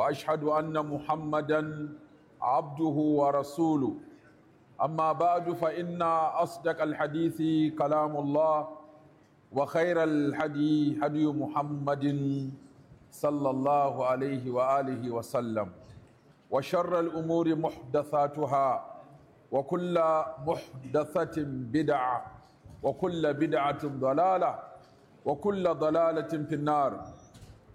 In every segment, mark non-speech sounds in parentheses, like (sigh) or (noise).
واشهد ان محمدا عبده ورسوله اما بعد فان اصدق الحديث كلام الله وخير الهدي هدي محمد صلى الله عليه واله وسلم وشر الامور محدثاتها وكل محدثه بدعه وكل بدعه ضلاله وكل ضلاله في النار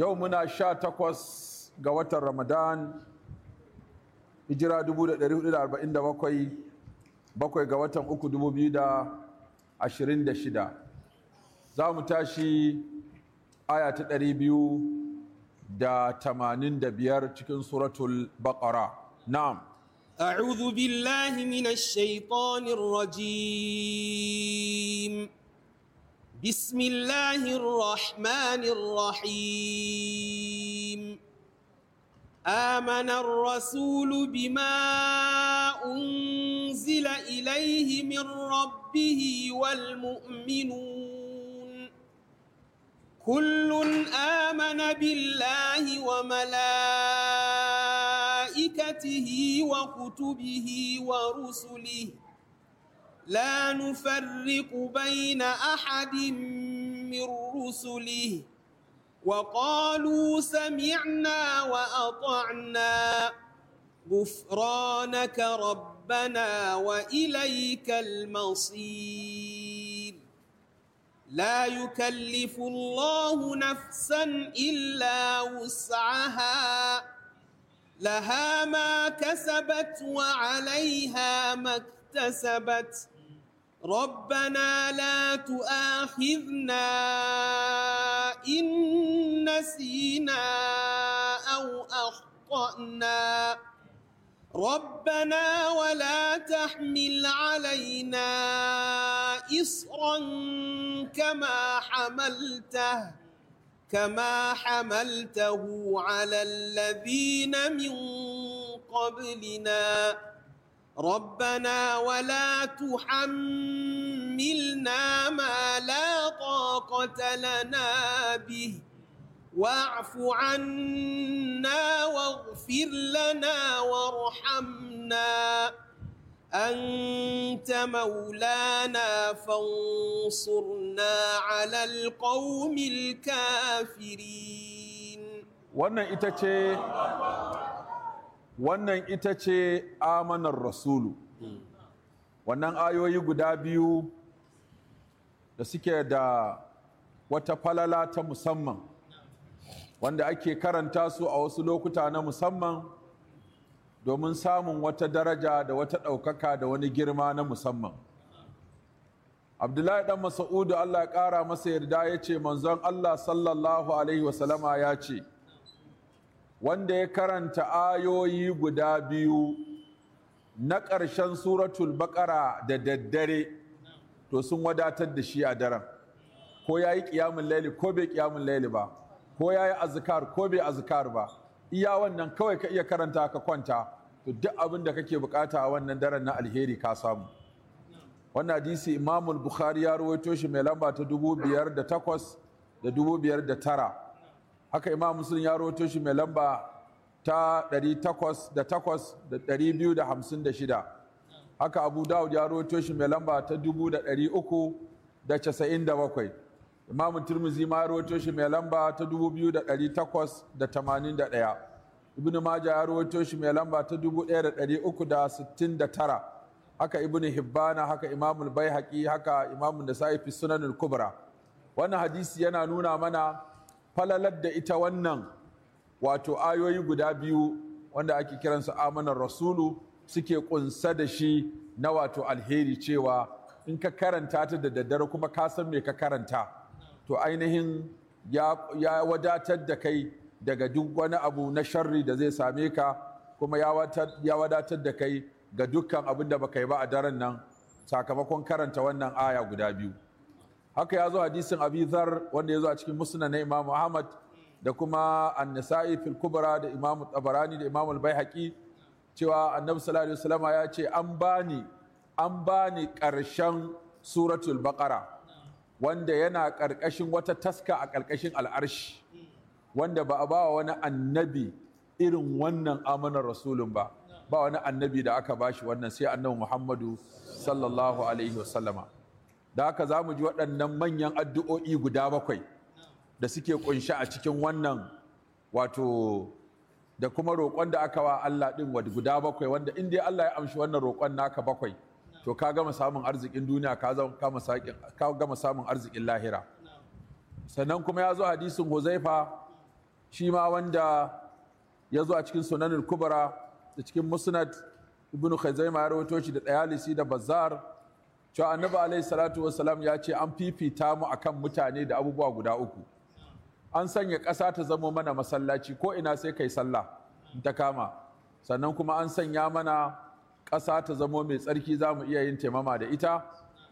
yau muna sha takwas ga watan ramadan hijira 1447 bakwai ga watan uku 2026 za mu tashi aya ta 285 cikin suratul baqara na'am أعوذ بالله من الشيطان الرجيم بسم الله الرحمن الرحيم آمن الرسول بما أنزل إليه من ربه والمؤمنون كل آمن بالله وملائكته وكتبه ورسله لا نفرق بين احد من رسله وقالوا سمعنا واطعنا غفرانك ربنا واليك المصير لا يكلف الله نفسا الا وسعها لها ما كسبت وعليها ما اكتسبت اكتسبت ربنا لا تؤاخذنا إن نسينا أو أخطأنا ربنا ولا تحمل علينا إصرا كما حملته كما حملته على الذين من قبلنا ربنا ولا تحملنا ما لا طاقة لنا به واعف عنا واغفر لنا وارحمنا أنت مولانا فانصرنا على القوم الكافرين. وانا ita wannan ita ce amanar rasulu wannan ayoyi guda biyu da suke da wata falala ta musamman wanda ake karanta su a wasu lokuta na musamman domin samun wata daraja da wata ɗaukaka da wani girma na musamman abdullahi dan masa'udu allah ya ƙara masa yarda ya ce manzon allah sallallahu alaihi wasallama ya ce wanda ya karanta ayoyi guda biyu na ƙarshen suratul baƙara da daddare to sun wadatar da shi a daren ko ya yi ƙiyamun laili ko bai ƙiyamun laili ba ko ya yi azikar ko bai azikar ba iya wannan kawai ka iya karanta ka kwanta to duk abin da kake bukata a wannan daren na alheri ka samu wannan hadisi imamul bukhari ya rawaito shi mai lamba ta dubu biyar da takwas da dubu biyar da tara haka imam muslim ya rawaito shi mai lamba ta 808,256 haka abu dawud ya rawaito shi mai lamba ta 397 imam turmuzi ma ya rawaito shi mai lamba ta 2,881 ibn maja ya rawaito shi mai lamba ta 1,369 haka ibn hibbana haka imamul bai haka imamul da sa'ifi sunanin kubra wannan hadisi yana nuna mana falalar da ita wannan wato ayoyi guda biyu wanda ake kiransu amanar rasulu suke kunsa da shi na wato alheri cewa in ka karanta ta da daddare kuma ka san me ka karanta to ainihin ya, ya wadatar da kai daga duk wani abu na sharri da zai same ka kuma ya wadatar da kai ga dukkan abin da baka yi ba a daren nan sakamakon karanta wannan aya guda biyu haka ya zo hadisin Abizar wanda ya zo a cikin musna na imam ahmad da kuma an-nisa'i fil kubra da imam tabarani da imam al cewa annabi sallallahu alaihi wasallam ya ce an bani an bani karshen suratul baqara wanda yana karkashin wata taska a karkashin al'arshi wanda ba a ba wani annabi irin wannan amanar rasulun ba ba wani annabi da aka bashi wannan sai annabi muhammadu sallallahu alaihi wasallama da haka za mu ji waɗannan manyan addu'o'i guda bakwai da suke ƙunshi a cikin wannan wato da kuma roƙon da aka wa Allah ɗin wa guda bakwai wanda in dai Allah ya amshi wannan roƙon naka bakwai to ka gama samun arzikin duniya ka gama samun arzikin lahira sannan kuma ya zo hadisin huzaifa shi ma wanda ya zo a cikin sunanin kubra da cikin musnad ibnu khazaima ya rawaito shi da ɗayalisi da bazar cewa annabi alaihi salatu wasalam ya ce an fifita mu akan mutane da abubuwa guda uku an sanya ƙasa ta zama mana masallaci ko ina sai kai sallah ta kama sannan kuma an sanya mana ƙasa ta zamo mai tsarki za mu iya yin taimama da ita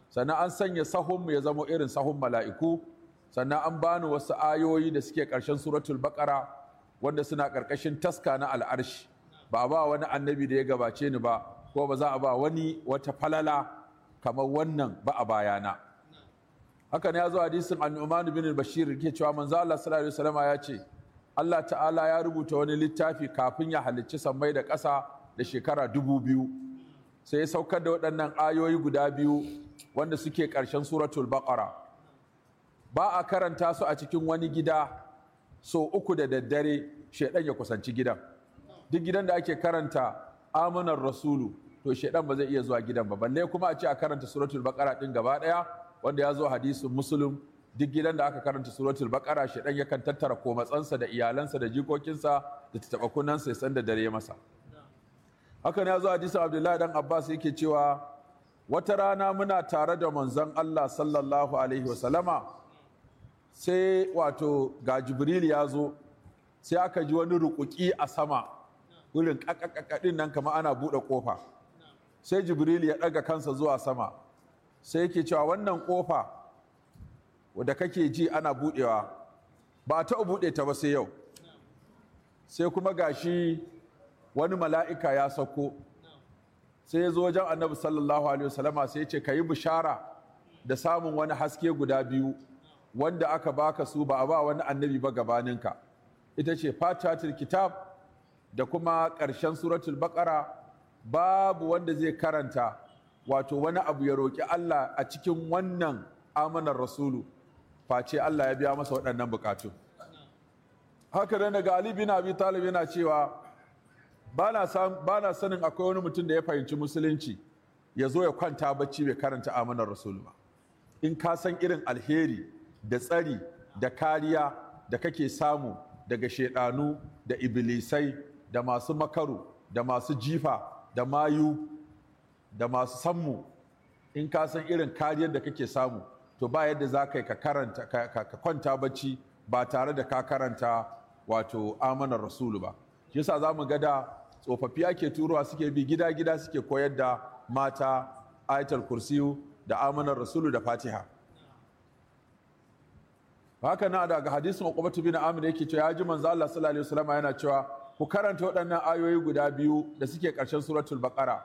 sannan an sanya sahun mu ya zama irin sahun mala'iku sannan an bani wasu ayoyi da suke ƙarshen suratul baƙara wanda suna ƙarƙashin taska na al'arshi ba a ba wani annabi da ya gabace ni ba ko ba za a ba wani wata falala kamar wannan ba a bayana haka ne ya zo hadisin annuman bin bashir ke cewa manzo Allah sallallahu alaihi wasallam ya ce Allah ta'ala ya rubuta wani littafi kafin ya halicci sammai da ƙasa da shekara dubu biyu sai ya saukar da waɗannan ayoyi guda biyu wanda suke ƙarshen suratul baqara ba a karanta su a cikin wani gida so uku da daddare shaidan ya kusanci gidan duk gidan da ake karanta amanar rasulu to shaidan ba zai iya zuwa gidan ba balle kuma a ce a karanta suratul baqara din gaba daya wanda ya zo hadisin muslim duk gidan da aka karanta suratul baqara shaidan yakan tattara komatsansa da iyalansa da jikokinsa da sa ya san da dare masa haka ne ya zo hadisin abdullahi dan abbas yake cewa wata rana muna tare da manzon Allah sallallahu alaihi wasallama sai wato ga jibril ya zo sai aka ji wani rukuki a sama wurin kakakakadin nan kama ana buɗe ƙofa sai jibril ya ɗaga kansa zuwa sama sai yake cewa wannan ƙofa wadda kake ji ana buɗewa ba ta taɓa buɗe ta ba sai yau sai kuma gashi wani mala'ika ya sauko sai ya zo wajen annabi sallallahu alaihi wasallama sai ya ce ka yi bishara da samun wani haske guda biyu wanda aka baka su ba a ba wani annabi ba gabaninka ita ce fatatul kitab da kuma ƙarshen suratul baƙara babu wanda zai karanta wato wani abu ya roƙi Allah a cikin wannan amanar rasulu face Allah ya biya masa waɗannan bukatu haka da daga Ali bin Abi Talib yana cewa ba na sanin akwai wani mutum da ya fahimci musulunci ya zo ya kwanta bacci bai karanta amanar rasulu ba in ka san irin alheri da tsari da kariya da kake samu daga shaidanu da iblisai da masu makaru da masu jifa da mayu da masu sanmu in ka san irin kariyar da kake samu to ba yadda za ka yi ka kwanta bacci ba tare da ka karanta wato amanar rasulu ba shi yasa za mu ga da tsofaffi ake turowa suke bi gida gida suke koyar da mata ayatul kursiyu da amanar rasulu da fatiha haka na daga hadisin uqbatu bin Amina yake cewa ya ji manzo Allah sallallahu alaihi wasallam yana cewa ku karanta waɗannan ayoyi guda biyu da suke ƙarshen suratul baƙara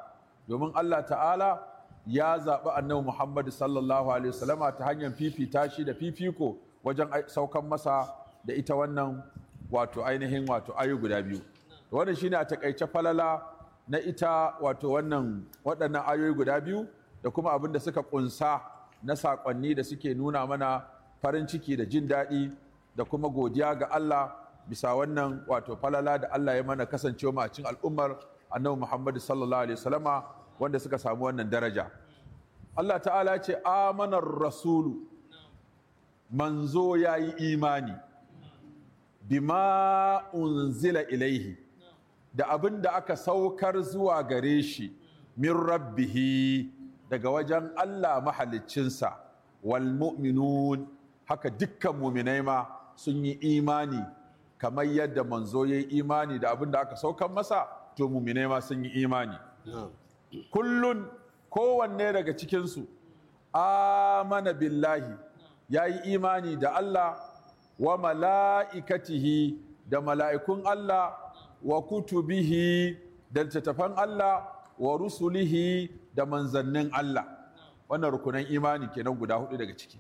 domin Allah ta'ala ya zaɓi annabi Muhammad sallallahu alaihi wasallama ta hanyar fifita shi da fifiko wajen saukan masa da ita wannan wato ainihin wato ayoyi guda biyu wannan shine a takaice falala na ita wato wannan waɗannan ayoyi guda biyu da kuma abin da suka ƙunsa na saƙonni da suke nuna mana farin ciki da jin daɗi da kuma godiya ga Allah bisa wannan wato falala da Allah ya mana kasancewa mu a cikin al'ummar annabi Muhammad sallallahu alaihi wasallama wanda suka samu wannan daraja Allah ta'ala ce amanar rasulu manzo ya yi imani bima unzila ilaihi da abin da aka saukar zuwa gare shi min rabbihi daga wajen Allah mahaliccinsa wal mu'minun haka dukkan muminai ma sun yi imani kamar yadda manzo ya yi imani da abin da aka saukan masa to mumine ma sun yi imani kullun kowanne daga cikinsu amana billahi ya yi imani da Allah wa mala'ikatihi da mala'ikun Allah wa kutubihi da littattafan Allah wa rusulihi da manzannin Allah wannan rukunan imani kenan guda hudu daga ciki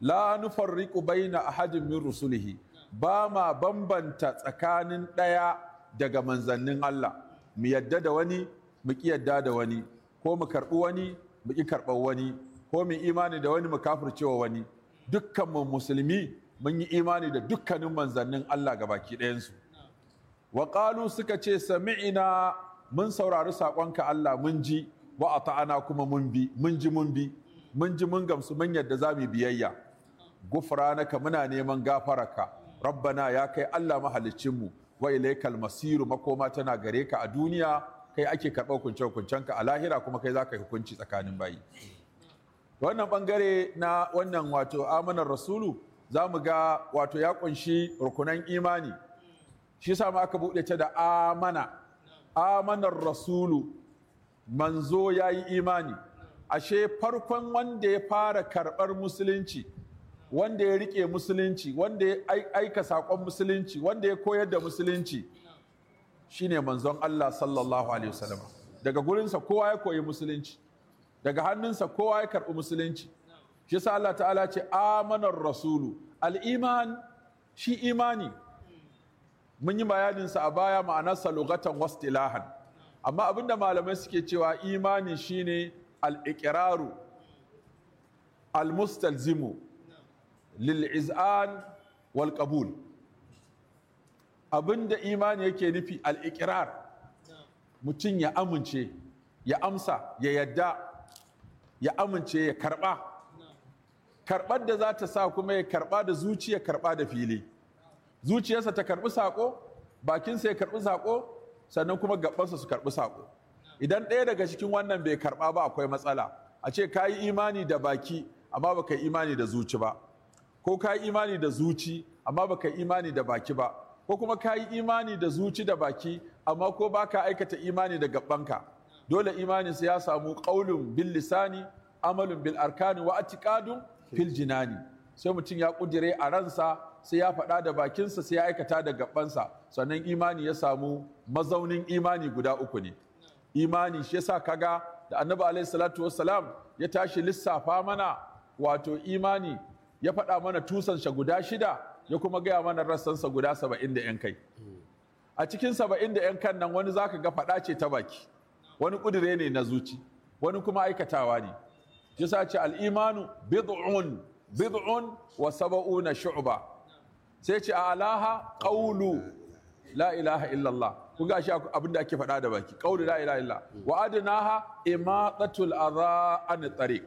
la nufarriqu bayna ahadin min rusulihi ba ma bambanta tsakanin ɗaya daga manzannin Allah mu yadda da wani mu ƙi yadda da wani ko mu karɓi wani mu ƙi karɓar wani ko mu imani da wani mu kafircewa wani dukkan mu musulmi mun yi imani da dukkanin manzannin Allah ga baki ɗayansu wa suka ce sami'ina mun saurari saƙonka Allah mun ji wa ta'ana kuma mun bi mun ji mun bi mun ji mun gamsu mun yadda za mu biyayya gufranaka muna neman gafararka rabbana ya kai Allah mahaliccinmu wa ilaikal masiru makoma tana gare ka a duniya kai ake karɓar kunce ka a lahira kuma kai za ka hukunci tsakanin bayi wannan bangare na wannan wato amanar rasulu za mu ga wato ya kunshi rukunan imani shi sa aka buɗe ta da amana amanar rasulu manzo ya yi imani ashe farkon wanda ya fara karɓar musulunci wanda ya rike musulunci wanda ya aika saƙon musulunci wanda ya koyar da musulunci shine manzon Allah sallallahu alaihi wasallam daga gurinsa kowa ya koyi musulunci daga hannunsa kowa ya karɓi musulunci shi yasa Allah ta'ala ce amanar rasulu al shi imani mun yi bayaninsa a baya ma'anarsa lugatan wastilahan amma abinda malamai suke cewa imani shine al-iqraru al-mustalzimu lil'iz'an wal qabul abinda imani yake nufi al mutum ya amince ya amsa ya yadda ya amince ya karba karbar da za ta sa kuma ya karba da zuciya karba da fili zuciyarsa ta karbi sako bakinsa ya karbi sako sannan kuma gabansa su karbi sako idan ɗaya daga cikin wannan bai karba ba akwai matsala a ce ka yi imani da baki amma baka yi imani da zuci ba ko ka yi imani da zuci amma baka yi imani da baki ba ko kuma ka yi imani da zuci da baki amma ko baka aikata imani da ka. dole imanin sa ya samu qaulun bil lisani amalun bil arkani wa atiqadun fil jinani sai mutum ya kudire a ransa sai ya faɗa da bakinsa sai ya aikata da gabansa sannan imani ya samu mazaunin imani guda uku ne imani shi yasa kaga da annabi alaihi salatu wassalam ya tashi lissafa mana wato imani ya faɗa mana tusansa guda shida ya kuma gaya mana rassansa guda saba'in da yan kai a cikin saba'in da yan kan nan wani zaka ga faɗa ce ta baki wani ƙudure ne na zuci wani kuma aikatawa ne sa ce al'imanu bid'un bid'un wa Saba'u na shu'ba sai ce a alaha ƙaulu, la ilaha illallah kun ga shi abinda ake faɗa da baki ƙaulu la ilaha illallah wa adinaha imatatul adha an tariq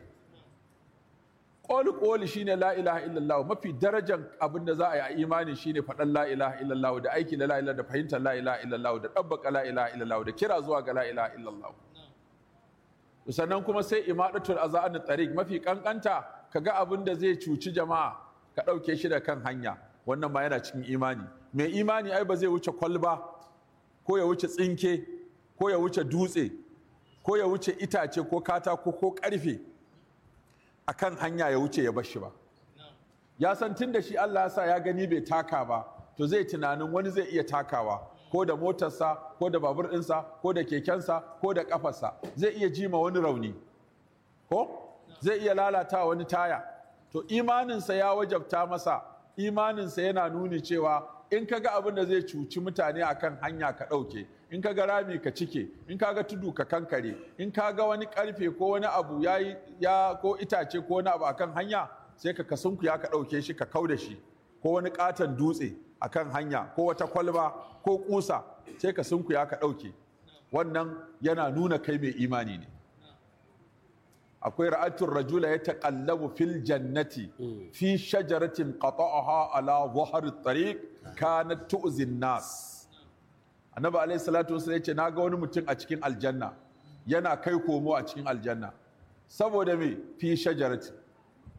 ƙoli ƙoli shine la ilaha illallah mafi darajan abin da za a yi a imani shine faɗan la ilaha illallah da aiki la ilaha da fahimtar la ilaha illallah da ɗabbaka la ilaha illallah da kira zuwa ga la ilaha illallah sannan kuma sai imadatul azan tariq mafi kankanta kaga abin da zai cuci jama'a ka ɗauke shi da kan hanya wannan ma yana cikin imani mai imani ai ba zai wuce kwalba ko ya wuce tsinke ko ya wuce dutse ko ya wuce itace ko katako ko ƙarfe a kan hanya ya wuce ya bar shi ba ya san tun da shi Allah ya sa ya gani bai taka ba to zai tunanin wani zai iya takawa ko da motarsa ko da babur ɗinsa ko da kekensa ko da ƙafarsa zai iya jima wani rauni ko zai iya lalata wani taya to imaninsa ya wajabta masa imaninsa yana nuni cewa in ka ga abin da zai cuci mutane akan hanya ka ɗauke in ka ga rami ka cike in ka ga tudu ka kankare in ka ga wani karfe ko wani abu ya ya ko itace ko wani abu akan hanya sai ka ya ka dauke shi ka kau da shi ko wani katon dutse akan hanya ko wata kwalba ko kusa sai ka ya ka ɗauke wannan yana nuna kai mai imani ne akwai ra'atun rajula ya taƙallabu fil jannati mm. fi shajaratin qata'aha ala at tariq kanat tu'zin nas annabi alaihi salatu wasallam yace ga wani mutum a cikin aljanna yana kai komo a cikin aljanna saboda me fi shajarati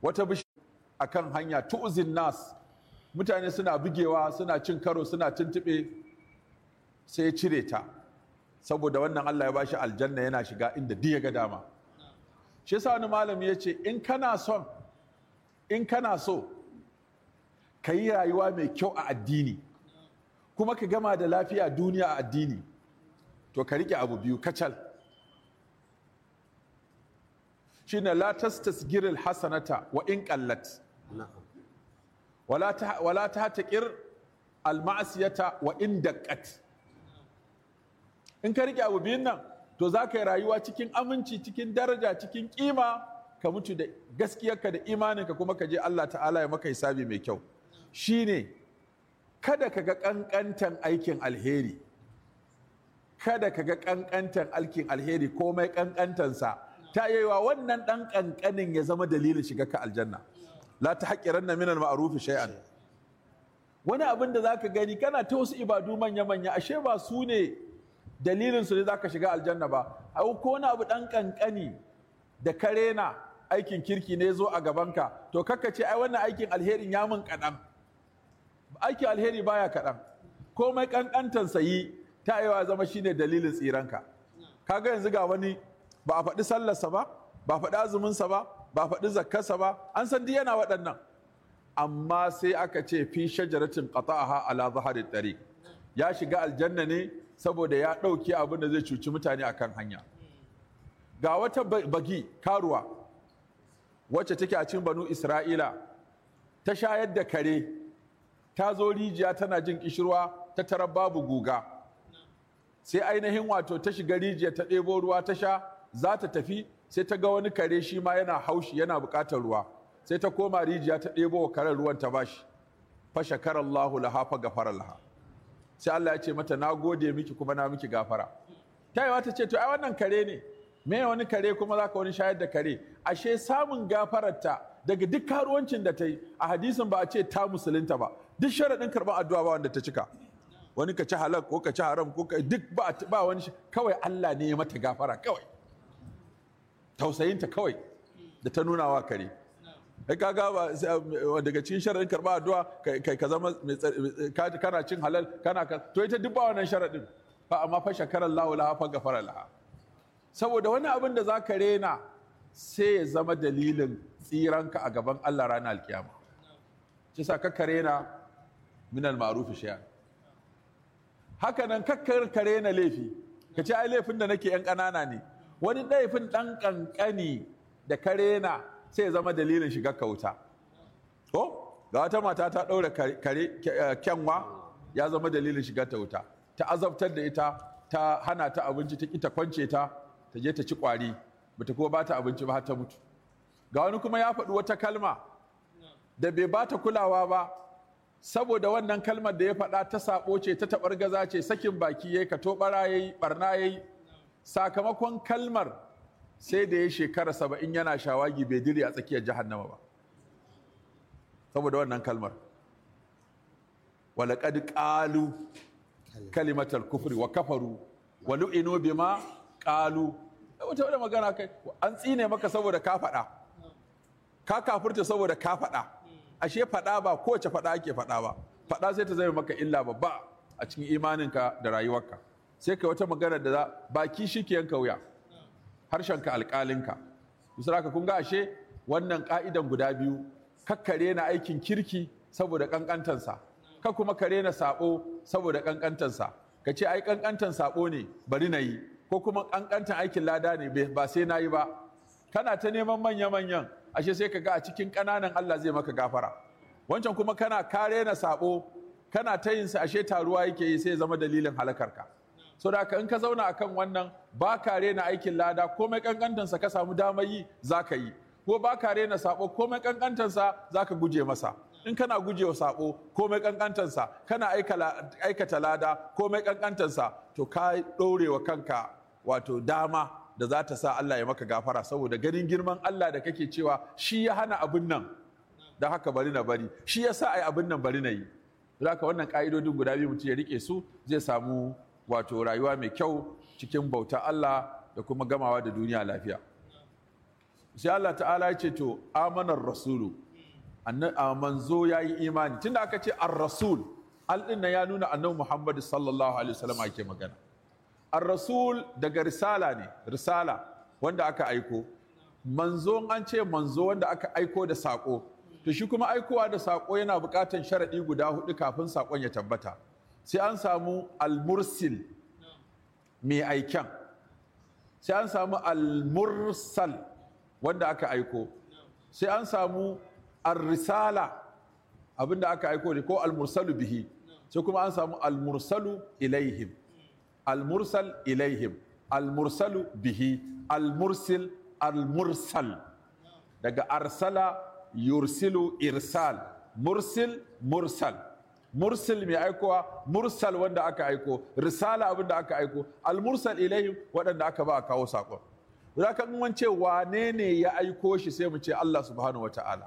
wata bishi akan hanya tu'zin nas mutane suna bugewa suna cin karo suna tuntube sai cire ta saboda wannan Allah ya bashi aljanna yana shiga inda duk ya ga dama shi yasa wani malami yace in kana son in kana so ka rayuwa mai kyau a addini kuma ka gama da lafiya duniya a addini to ka rike abu biyu kacal ne la giril hasanata wa in kallat? wala ta hata kir alma'siyata wa in dakkat in ka rike abu biyun nan to za ka yi rayuwa cikin aminci cikin daraja cikin kima ka mutu da gaskiyarka da imaninka kuma ka je Allah ta'ala ya maka hisabi mai kyau shine kada ka ga ƙanƙantan aikin alheri kada ka ga ƙanƙantan aikin alheri komai ƙanƙantansa ta yayiwa wannan ɗan ƙanƙanin ya zama dalilin shiga ka aljanna la ta haƙiran na minan ma'arufi shay'an wani abin da zaka gani kana ta wasu ibadu manya-manya ashe ba su ne dalilin su ne zaka shiga aljanna ba a ko wani abu ɗan ƙanƙani da karena aikin kirki ne zo a gabanka to kakkace ce ai wannan aikin alherin ya mun kaɗan aiki alheri baya kaɗan komai ƙanƙantar sayi ta yawa zama shine dalilin tsiranka ga yanzu ga wani ba a faɗi sallarsa ba ba a faɗi azuminsa ba ba a faɗi zakkarsa ba an san yana waɗannan amma sai aka ce fi shajaratin qata'aha ala zahari dare. ya shiga aljanna ne saboda ya ɗauki abin da zai cuci mutane akan hanya ga wata bagi karuwa wacce take a cikin banu isra'ila ta shayar da kare ta zo rijiya tana jin kishirwa ta tarar babu guga sai ainihin wato ta shiga rijiya ta ɗebo ruwa ta sha za ta tafi sai ta ga wani kare shi ma yana haushi yana buƙatar ruwa sai ta koma rijiya ta ɗebo wa karar ruwan ta bashi fa shakara Allahu laha fa gafara laha sai Allah ya ce mata na gode miki kuma na miki gafara Ta yi ta ce to ai wannan kare ne me wani kare kuma za ka wani shayar da kare ashe samun gafararta daga duk karuwancin da ta yi a hadisin ba a ce ta musulunta ba duk sharaɗin karɓar addu'a ba wanda ta cika wani ka ci halak ko ka ci haram ko ka duk ba ba wani kawai Allah ne ya mata gafara kawai tausayinta kawai da ta nuna wa kare kai kaga um, daga cikin sharaɗin karɓar addu'a kai ka zama kana cin halal kana ka to ita duk ba wannan sharaɗin fa amma fa shakarar lahu laha fa gafara laha saboda wani abin da za ka rena sai ya zama dalilin tsiranka a gaban Allah ranar alkiyama shi sa ka rena minal ma'rufi shay'a haka nan kakkar kare na laifi ka ce ai laifin da nake yan ƙanana ne wani laifin ɗan ƙanƙani da kare na sai ya zama dalilin shiga kauta ko ga wata mata ta ɗaura kare eh, kyanwa ya zama dalilin shiga ta wuta ta azabtar da ita ta hana ta abinci ta ta kwance ta ta je ta ci kwari bata kuma bata abinci ba har ta mutu ga wani kuma ya faɗi wata kalma da bai bata kulawa ba saboda wannan kalmar da ya faɗa ta saɓo ce ta taɓar gaza ce sakin baki ya yi ka yi ɓarna ya yi, sakamakon kalmar sai da ya shekara saba'in yana shawagi bai diri a tsakiyar jahannama ba saboda wannan kalmar walaƙad ƙalu kalimatar kufri wa kafaru wa lu'inu bima ƙalu wata wadda magana kai an tsine maka saboda ka faɗa ka kafurta saboda ka faɗa ashe faɗa ba kowace faɗa ake faɗa ba faɗa sai ta zama maka illa babba a cikin imaninka da rayuwarka sai kai wata magana da baki shi ke yanka wuya harshenka alƙalinka misali kun ga ashe wannan ƙa'idan guda biyu kakkare na aikin kirki saboda ƙanƙantansa ka kuma kare na saɓo saboda ƙanƙantansa ka ce ai ƙanƙantan saɓo ne bari na yi ko kuma ƙanƙantan aikin lada ne ba sai na yi ba kana ta neman manya-manyan ashe sai ka ga a cikin ƙananan Allah zai maka gafara wancan kuma kana kare na sabo kana ta yin sa ashe taruwa yake yi sai zama dalilin halakarka so da in ka zauna akan wannan ba kare na aikin lada komai mai sa ka samu damar yi zaka yi ko ba kare na sabo komai ƙanƙantansa sa zaka guje masa in kana gujewa saɓo, komai mai sa kana aikata lada ko mai sa to ka ɗorewa kanka wato dama da za ta sa Allah ya maka gafara saboda ganin girman Allah da kake cewa shi ya hana abin nan da haka bari na bari shi ya sa a yi abin nan bari na yi ka wannan ka'idodin guda biyu mutum ya rike su zai samu wato rayuwa mai kyau cikin bauta Allah da kuma gamawa da duniya lafiya sai Allah ta'ala ya ce to amanar rasulu manzo ya yi imani tunda aka ce ar-rasul al ya nuna annabi Muhammad sallallahu alaihi wasallam ake magana ar-rasul daga risala ne risala wanda aka aiko manzo an ce manzo wanda aka aiko da sako to shi kuma aikowa da sako yana buƙatan sharaɗi guda hudu kafin sakon ya tabbata sai an samu al-mursil mai aiken sai an samu al-mursal wanda aka aiko sai an samu ar-risala abinda aka aiko ne ko al-mursalu bihi sai kuma an samu al-mursalu ilaihim Almursal mursal ilaihim al-mursalu bihi al-mursil daga arsala yursilu irsal mursil mursal mursil mai aikowa mursal wanda aka aiko risala abinda aka aiko almursal mursal ilaihim waɗanda aka ba a kawo saƙon zaka in wance wane ne ya aiko shi sai mu ce Allah subhanahu wataala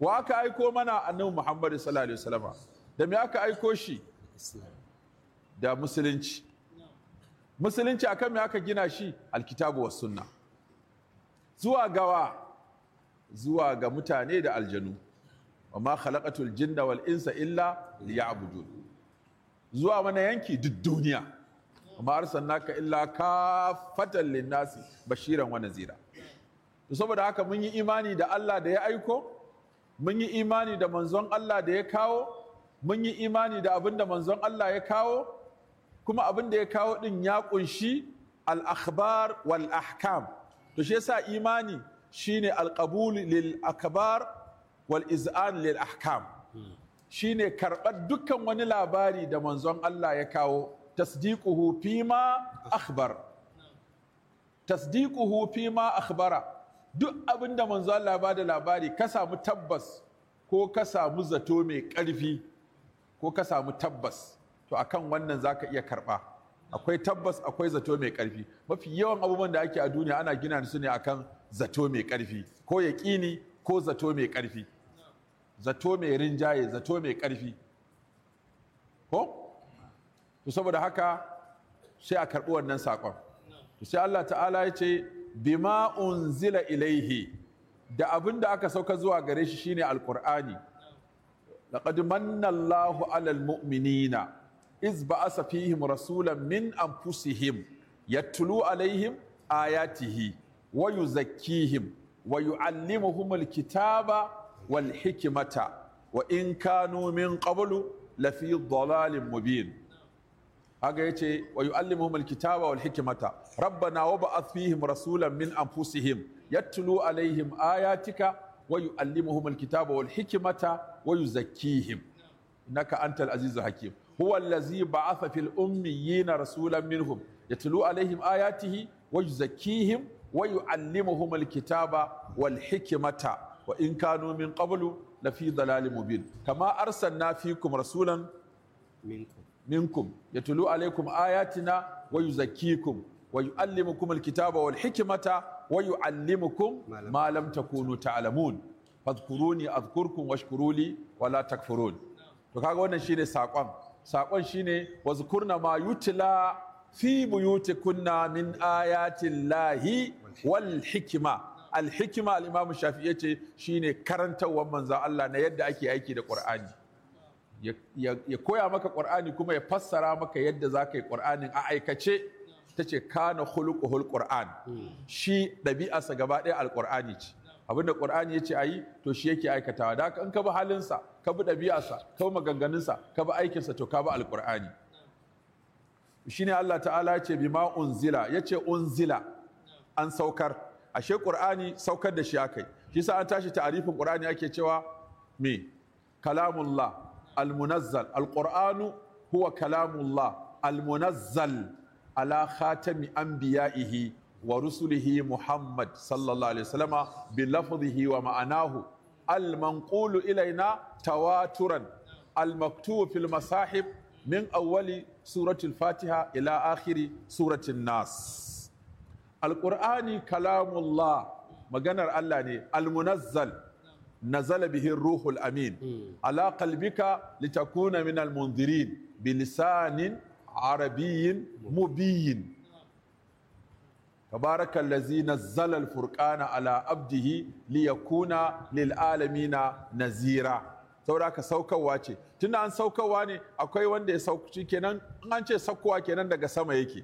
wa aka aiko mana annabi Muhammad sallallahu alaihi da me aka aiko shi da musulunci musulunci akan me aka gina shi alkitabu wa sunna zuwa gawa zuwa ga mutane da aljanu wa ma khalaqatul jinna wal insa illa liya'budun zuwa wani yanki duk duniya ma arsalnaka illa kafatan linnasi bashiran wa nazira to saboda haka mun yi imani da Allah da ya aiko mun yi imani da manzon Allah da ya kawo mun yi imani da abinda manzon Allah ya kawo kuma abin da ya kawo din ya kunshi al-akhbar wal ahkam to shi yasa imani shine al-qabul lil akbar wal iz'an lil ahkam shine karɓar dukkan wani labari da manzon Allah ya kawo tasdiquhu fima akhbar tasdiquhu fima akhbara duk abin da manzo Allah ba da labari ka samu tabbas ko ka samu zato mai ƙarfi ko ka samu tabbas to akan wannan zaka iya karɓa akwai tabbas akwai zato mai ƙarfi. mafi yawan abubuwan da ake a duniya ana gina su ne akan zato mai ƙarfi, ko yaƙini ko zato mai ƙarfi. zato mai rinjaye zato mai ƙarfi. ko to saboda haka sai a karɓi wannan saƙon. to sai Allah ta'ala ya ce bima unzila ilaihi da abin da aka sauka zuwa gare shi shine alqur'ani laqad manna Allahu alal mu'minina iz ba'asa fihim rasulan min anfusihim yattulu alaihim ayatihi wa yuzakkihim wa yu'allimuhumul kitaba wal hikmata wa in kanu min qablu lafi dhalalin mubin haka yace wa yu'allimuhumul kitaba wal hikmata rabbana wa ba'ath fihim rasulan min anfusihim yattulu alaihim ayatika wa yu'allimuhumul kitaba wal hikmata wa yuzakkihim innaka antal azizul hakim huwa allazi ba'atha fil ummiyina rasulan minhum yatlu alaihim ayatihi wa yuzakkihim wa yu'allimuhum alkitaba wal hikmata wa in kanu min qablu lafi dalalin mubin kama arsalna fikum rasulan minkum minkum yatlu alaikum ayatina wa yuzakkikum wa yu'allimukum alkitaba wal hikmata wa yu'allimukum ma lam takunu ta'lamun fadhkuruni wala takfurun to kaga wannan shine saƙon. sakon shine wazkurna ma yutila fi kunna min ayatin lahi wal hikima al hikima al imamu shafi shi shine karantawar manzan Allah na yadda ake aiki da ƙwar'ani ya koya maka ƙwar'ani kuma ya fassara maka yadda zaka yi qur'anin a aikace ta ce kana hulƙuhul qur'an hmm. shi ɗabi'arsa gaba ɗaya ƙwar'ani ce abinda qur'ani yace ayi to shi yake aikatawa da haka in ka bi halinsa ka bi ɗabi'arsa ka bi maganganunsa ka bi aikinsa to ka bi Alƙur'ani. shine Allah ta'ala ce ma unzila yace unzila an saukar ashe ƙur'ani saukar da shi akai shi sa an tashi ta'arifin ƙur'ani ake cewa me kalamullah almunazzal alqur'anu huwa kalamullah almunazzal ala khatami anbiya'ihi wa rusulihi Muhammad sallallahu alaihi wasallama bi lafzihi wa ma'anahu al-manqulu ilaina tawaturan al-maktubu fil masahib min awwali suratul fatiha ila akhiri suratul nas al-qur'ani kalamullah maganar Allah ne al-munazzal nazala bihin ruhul amin hmm. ala qalbika litakuna min al-munzirin bilisanin arabiyyin hmm. mubiyyin tabarakal lazi na zalal furkana ala abdihi liyakuna lil alamina nazira saboda aka saukarwa ce tunda an saukarwa ne akwai wanda ya sauki kenan an ce saukowa kenan daga sama yake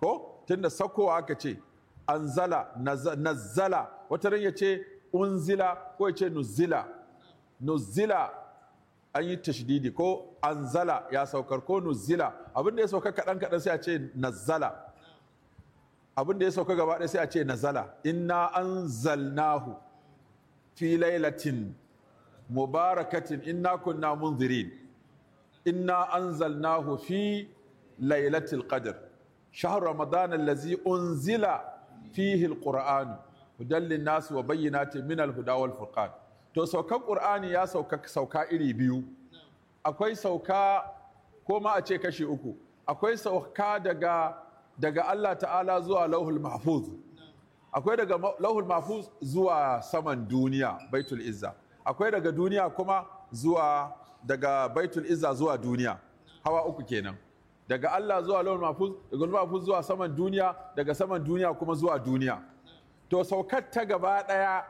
ko tunda saukowa aka ce anzala nazzala wata ran ya ce unzila ko ya ce nuzila nuzila an yi tashdidi ko anzala ya saukar ko nuzila abinda ya sauka kaɗan kaɗan sai a ce nazzala abin da ya sauka gaba ɗaya sai a ce nazala inna anzalnahu fi lailatin mubarakatin inna kunna munzirin inna anzalnahu fi lailatul qadr shahr ramadan allazi unzila fihi alquran hudan linnas wa bayyana min alhuda wal furqan to saukan qur'ani ya sauka sauka iri biyu akwai sauka ko ma a ce kashi uku akwai sauka daga daga Allah ta'ala zuwa lauhul mahfuz akwai daga lauhul mahfuz zuwa saman duniya baitul izza akwai daga duniya kuma zuwa daga baitul izza zuwa duniya hawa uku kenan daga Allah zuwa lauhul mahfuz daga lauhul mahfuz zuwa saman duniya daga saman duniya kuma zuwa duniya to saukar ta gaba daya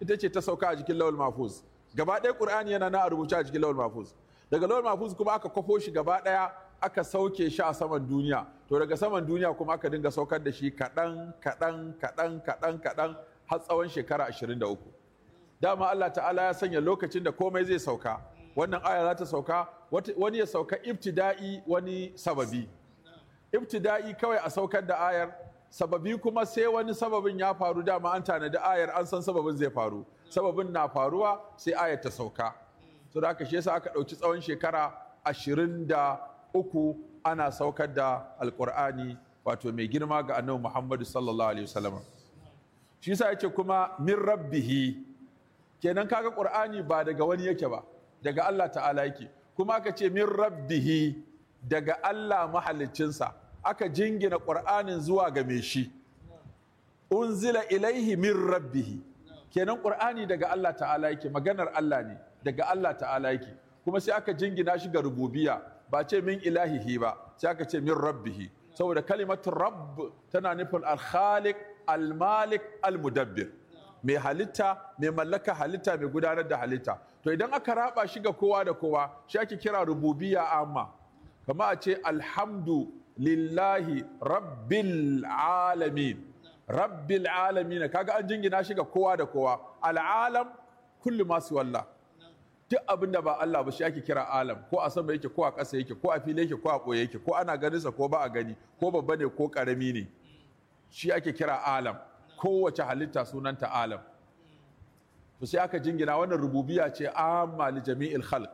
ita ce ta sauka a jikin lauhul mahfuz gaba daya qur'ani yana na rubuce a jikin lauhul mahfuz daga lauhul mahfuz kuma aka kwafo shi gaba daya aka sauke shi a saman duniya to daga saman duniya kuma aka dinga saukar da shi kaɗan kaɗan kaɗan kaɗan kaɗan har tsawon shekara 23 dama Allah ta'ala ya sanya lokacin da komai zai sauka wannan aya za ta sauka wani ya sauka ibtida'i wani sababi ibtida'i kawai a saukar da ayar sababi kuma sai wani sababin ya faru dama an tanadi ayar an san sababin zai faru sababin na faruwa sai ayar ta sauka to da aka shi yasa aka ɗauki tsawon shekara ashirin da uku ana saukar da alkur'ani wato mai girma ga annabi muhammadu sallallahu alaihi wasallam shi yasa yake kuma min rabbihi kenan kaga qur'ani ba daga wani yake ba daga Allah ta'ala yake kuma aka ce min rabbihi daga Allah mahalicinsa aka jingina qur'anin zuwa ga mai shi unzila ilaihi min rabbihi kenan qur'ani daga Allah ta'ala yake maganar Allah ne daga Allah ta'ala yake kuma sai aka jingina shi ga rububiyya ba ce min ilahihi ba sai aka ce min rabbihi saboda kalimatu rabb tana nufin al-khaliq al-malik al-mudabbir mai halitta mai mallaka halitta mai gudanar da halitta to idan aka raba shi ga kowa da kowa shi ake kira rububiyya amma kama a ce alhamdu lillahi rabbil alamin rabbil alamin kaga an jingina shi ga kowa da kowa al'alam kullu masu wallah duk abin da ba Allah ba shi ake kira alam ko a sama yake ko a ƙasa yake ko a fili yake ko a ɓoye yake ko ana ganinsa ko ba a gani ko babba ne ko ƙarami ne shi ake kira alam kowace halitta sunanta alam to sai aka jingina wannan rububiya ce amma li jami'il khalq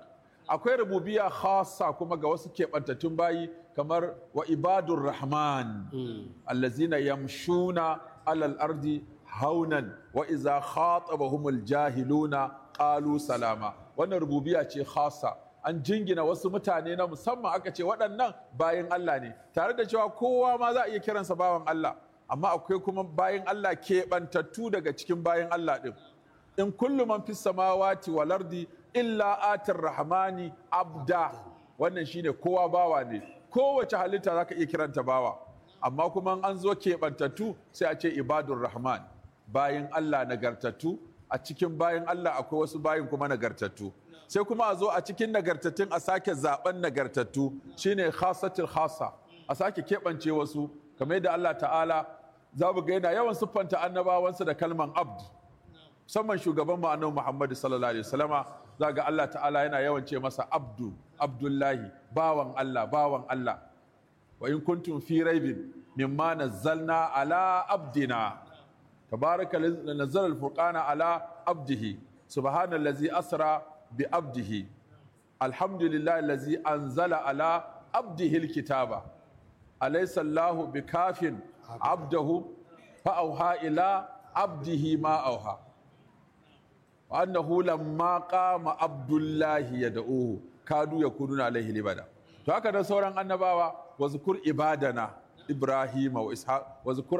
akwai rububiya khassa kuma ga wasu keɓantattun bayi kamar wa ibadur rahman hmm. allazina yamshuna alal ardi haunan wa iza khatabahumul jahiluna qalu salama wannan rububiya ce khasa an jingina wasu mutane na musamman aka ce waɗannan bayan Allah ne tare da cewa kowa ma za a iya kiransa bawan Allah amma akwai kuma bayan Allah keɓantattu daga cikin bayan Allah ɗin in kullu man fi samawati wal ardi illa atir rahmani abda wannan shine kowa bawa ne kowace halitta zaka iya kiranta bawa amma kuma an zo keɓantattu sai a ce ibadur rahman bayan Allah nagartattu a cikin bayan Allah akwai wasu bayan kuma nagartattu sai kuma a zo a cikin nagartattun a sake zaben nagartattu shine khasatul khasa a sake keɓance wasu kamar yadda Allah ta'ala za mu ga yana yawan siffanta annabawansa da kalman abd musamman shugaban mu annabi Muhammad sallallahu alaihi wasallama za ga Allah ta'ala yana yawan ce masa abdu abdullahi bawan Allah bawan Allah wa in kuntum fi raibin mimma nazzalna ala abdina tabaraka nazzal al-furqana ala abdihi subhanallazi asra bi abdihi alhamdulillahi allazi anzala ala abdihi al-kitaba alaysa allahu bikafin abdahu fa auha ila abdihi ma auha wa annahu lamma qama abdullahi yad'uhu kadu yakunu alaihi libada to haka da sauran annabawa wa zukur ibadana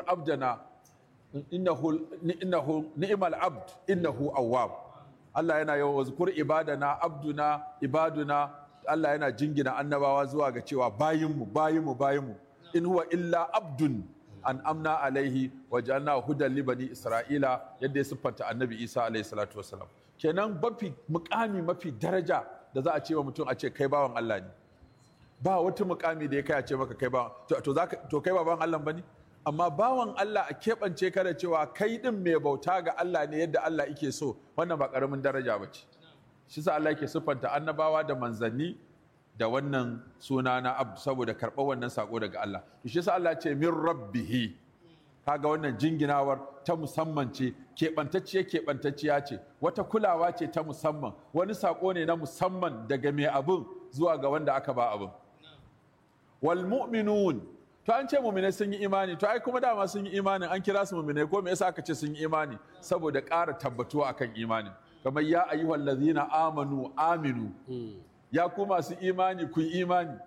abdana innahu ni'mal abd innahu awwab Allah yana yawan wazkur ibadana abduna ibaduna Allah yana jingina annabawa zuwa ga cewa bayinmu bayinmu bayinmu in huwa illa abdun an amna alaihi wa ja'alna hudan li bani isra'ila yadda ya siffanta annabi Isa alaihi salatu wasalam kenan mafi mukami mafi daraja da za a ce wa mutum a ce kai bawan Allah ne ba wata mukami da ya kai a ce maka kai bawan to to kai baban Allah bane amma bawan Allah a keɓance ka da cewa kai ɗin mai bauta ga Allah ne yadda Allah yake so wannan ba ƙaramin daraja ba ce shi sa Allah yake siffanta annabawa da manzanni da wannan suna na abu saboda karɓar wannan sako daga Allah shi sa Allah ce min rabbihi kaga wannan jinginawar ta musamman ce keɓantacciya keɓantacciya ce wata kulawa ce ta musamman wani sako ne na musamman daga mai abin zuwa ga wanda aka ba abin wal mu'minun to an ce muminai sun yi imani to ai kuma dama sun yi imani an kira su muminai ko me yasa aka ce sun yi imani saboda ƙara tabbatuwa akan imani kamar ya ayyuhal ladzina amanu aminu ya ku masu imani kun imani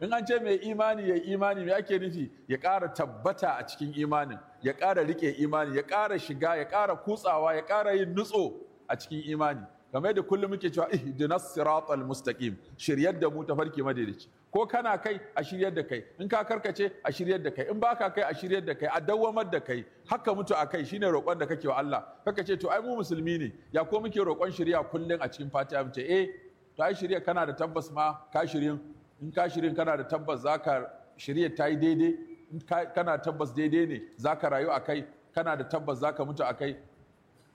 in an ce mai imani ya imani me ake nufi ya ƙara tabbata a cikin imanin ya ƙara rike imani ya ƙara shiga ya ƙara kutsawa ya ƙara yin nutso a cikin imani game da kullum muke cewa ihdinas siratal mustaqim shiryar da mu tafarki madaidaici ko kana kai a shiryar da kai in ka karkace a shiryar da kai in baka kai a shiryar da kai a dawwamar da kai haka mutu a kai shine roƙon da kake wa Allah kaka ce to ai mu musulmi ne ya ko muke roƙon shiriya kullum a cikin fatiha mu ce eh to ai shirya kana da tabbas ma ka shirin in ka shirin kana da tabbas zaka shirya ta yi daidai in kana tabbas daidai ne zaka rayu a kai kana da tabbas zaka mutu a kai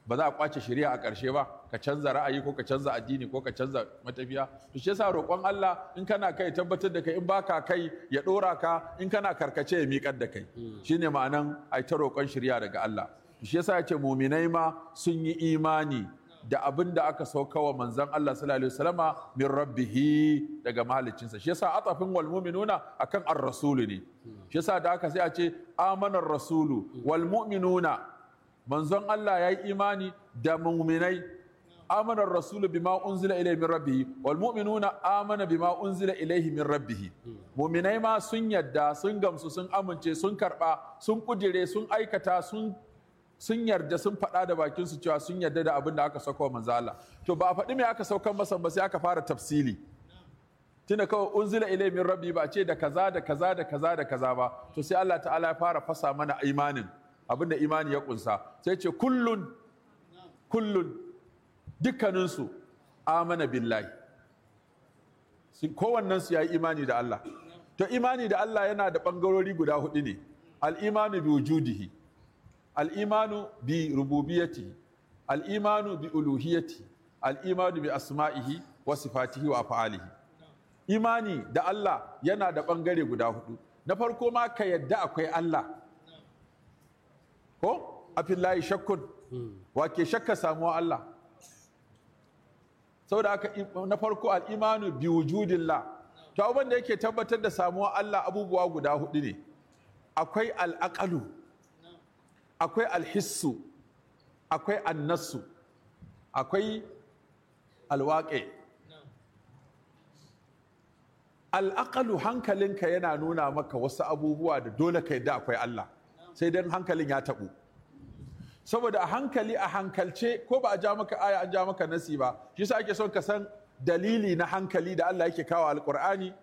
ba za a kwace shari'a a ƙarshe ba ka canza ra'ayi ko ka canza addini ko ka canza matafiya to shi yasa roƙon Allah in kana kai tabbatar da kai in baka kai ya ɗora ka in kana karkace ya miƙar da kai hmm. shine ma'anan ai ta roƙon shari'a daga Allah shi yasa yace muminai ma sun yi imani da abin da aka wa manzon Allah sallallahu alaihi wasallama min rabbihi daga mahaliccinsa shi yasa atafin wal mu'minuna akan ar-rasulu ne hmm. shi yasa da aka sai a ce amanar rasulu hmm. wal mu'minuna manzon Allah ya yi imani da muminai amana ar-rasul bima unzila ilayhi min rabbih wal mu'minuna amana bima unzila ilayhi min rabbih muminai ma sun yadda sun gamsu sun amince sun karba sun kudire sun aikata sun sun yarda sun faɗa da bakin su cewa sun yarda da abin da aka sako manzo Allah to ba a faɗi me aka saukan masa ba sai aka fara tafsili tunda kawai unzila ilai min rabbi ba ce da kaza da kaza da kaza da kaza ba to sai Allah ta'ala ya fara fasa mana imanin Abin da imani ya kunsa sai ce kullun kullun dukkaninsu amana billahi kowannensu ya yi imani da Allah to imani da Allah yana da ɓangarori guda hudu ne al'imanu bi wujudihi al'imanu bi rububiyati al'imanu bi uluhiyati al'imanu bi asma'ihi wa sifatihi wa fa'alihi imani da Allah yana da ɓangare guda hudu na farko ma ka yadda akwai Allah ko afillahi shakkun wa ke shakka samuwa Allah saboda haka na farko al'imanu bi la to abin da yake tabbatar da samuwa Allah abubuwa guda hudu ne akwai al'aqalu akwai alhissu akwai annasu akwai alwaƙe al'aqalu hankalinka yana nuna maka wasu abubuwa da dole ka da akwai Allah sai dan hankalin ya taɓu saboda a hankali a hankalce ko ba a ja maka aya an ja maka nasi ba shi sa ake son ka san dalili na hankali da Allah yake kawo alkur'ani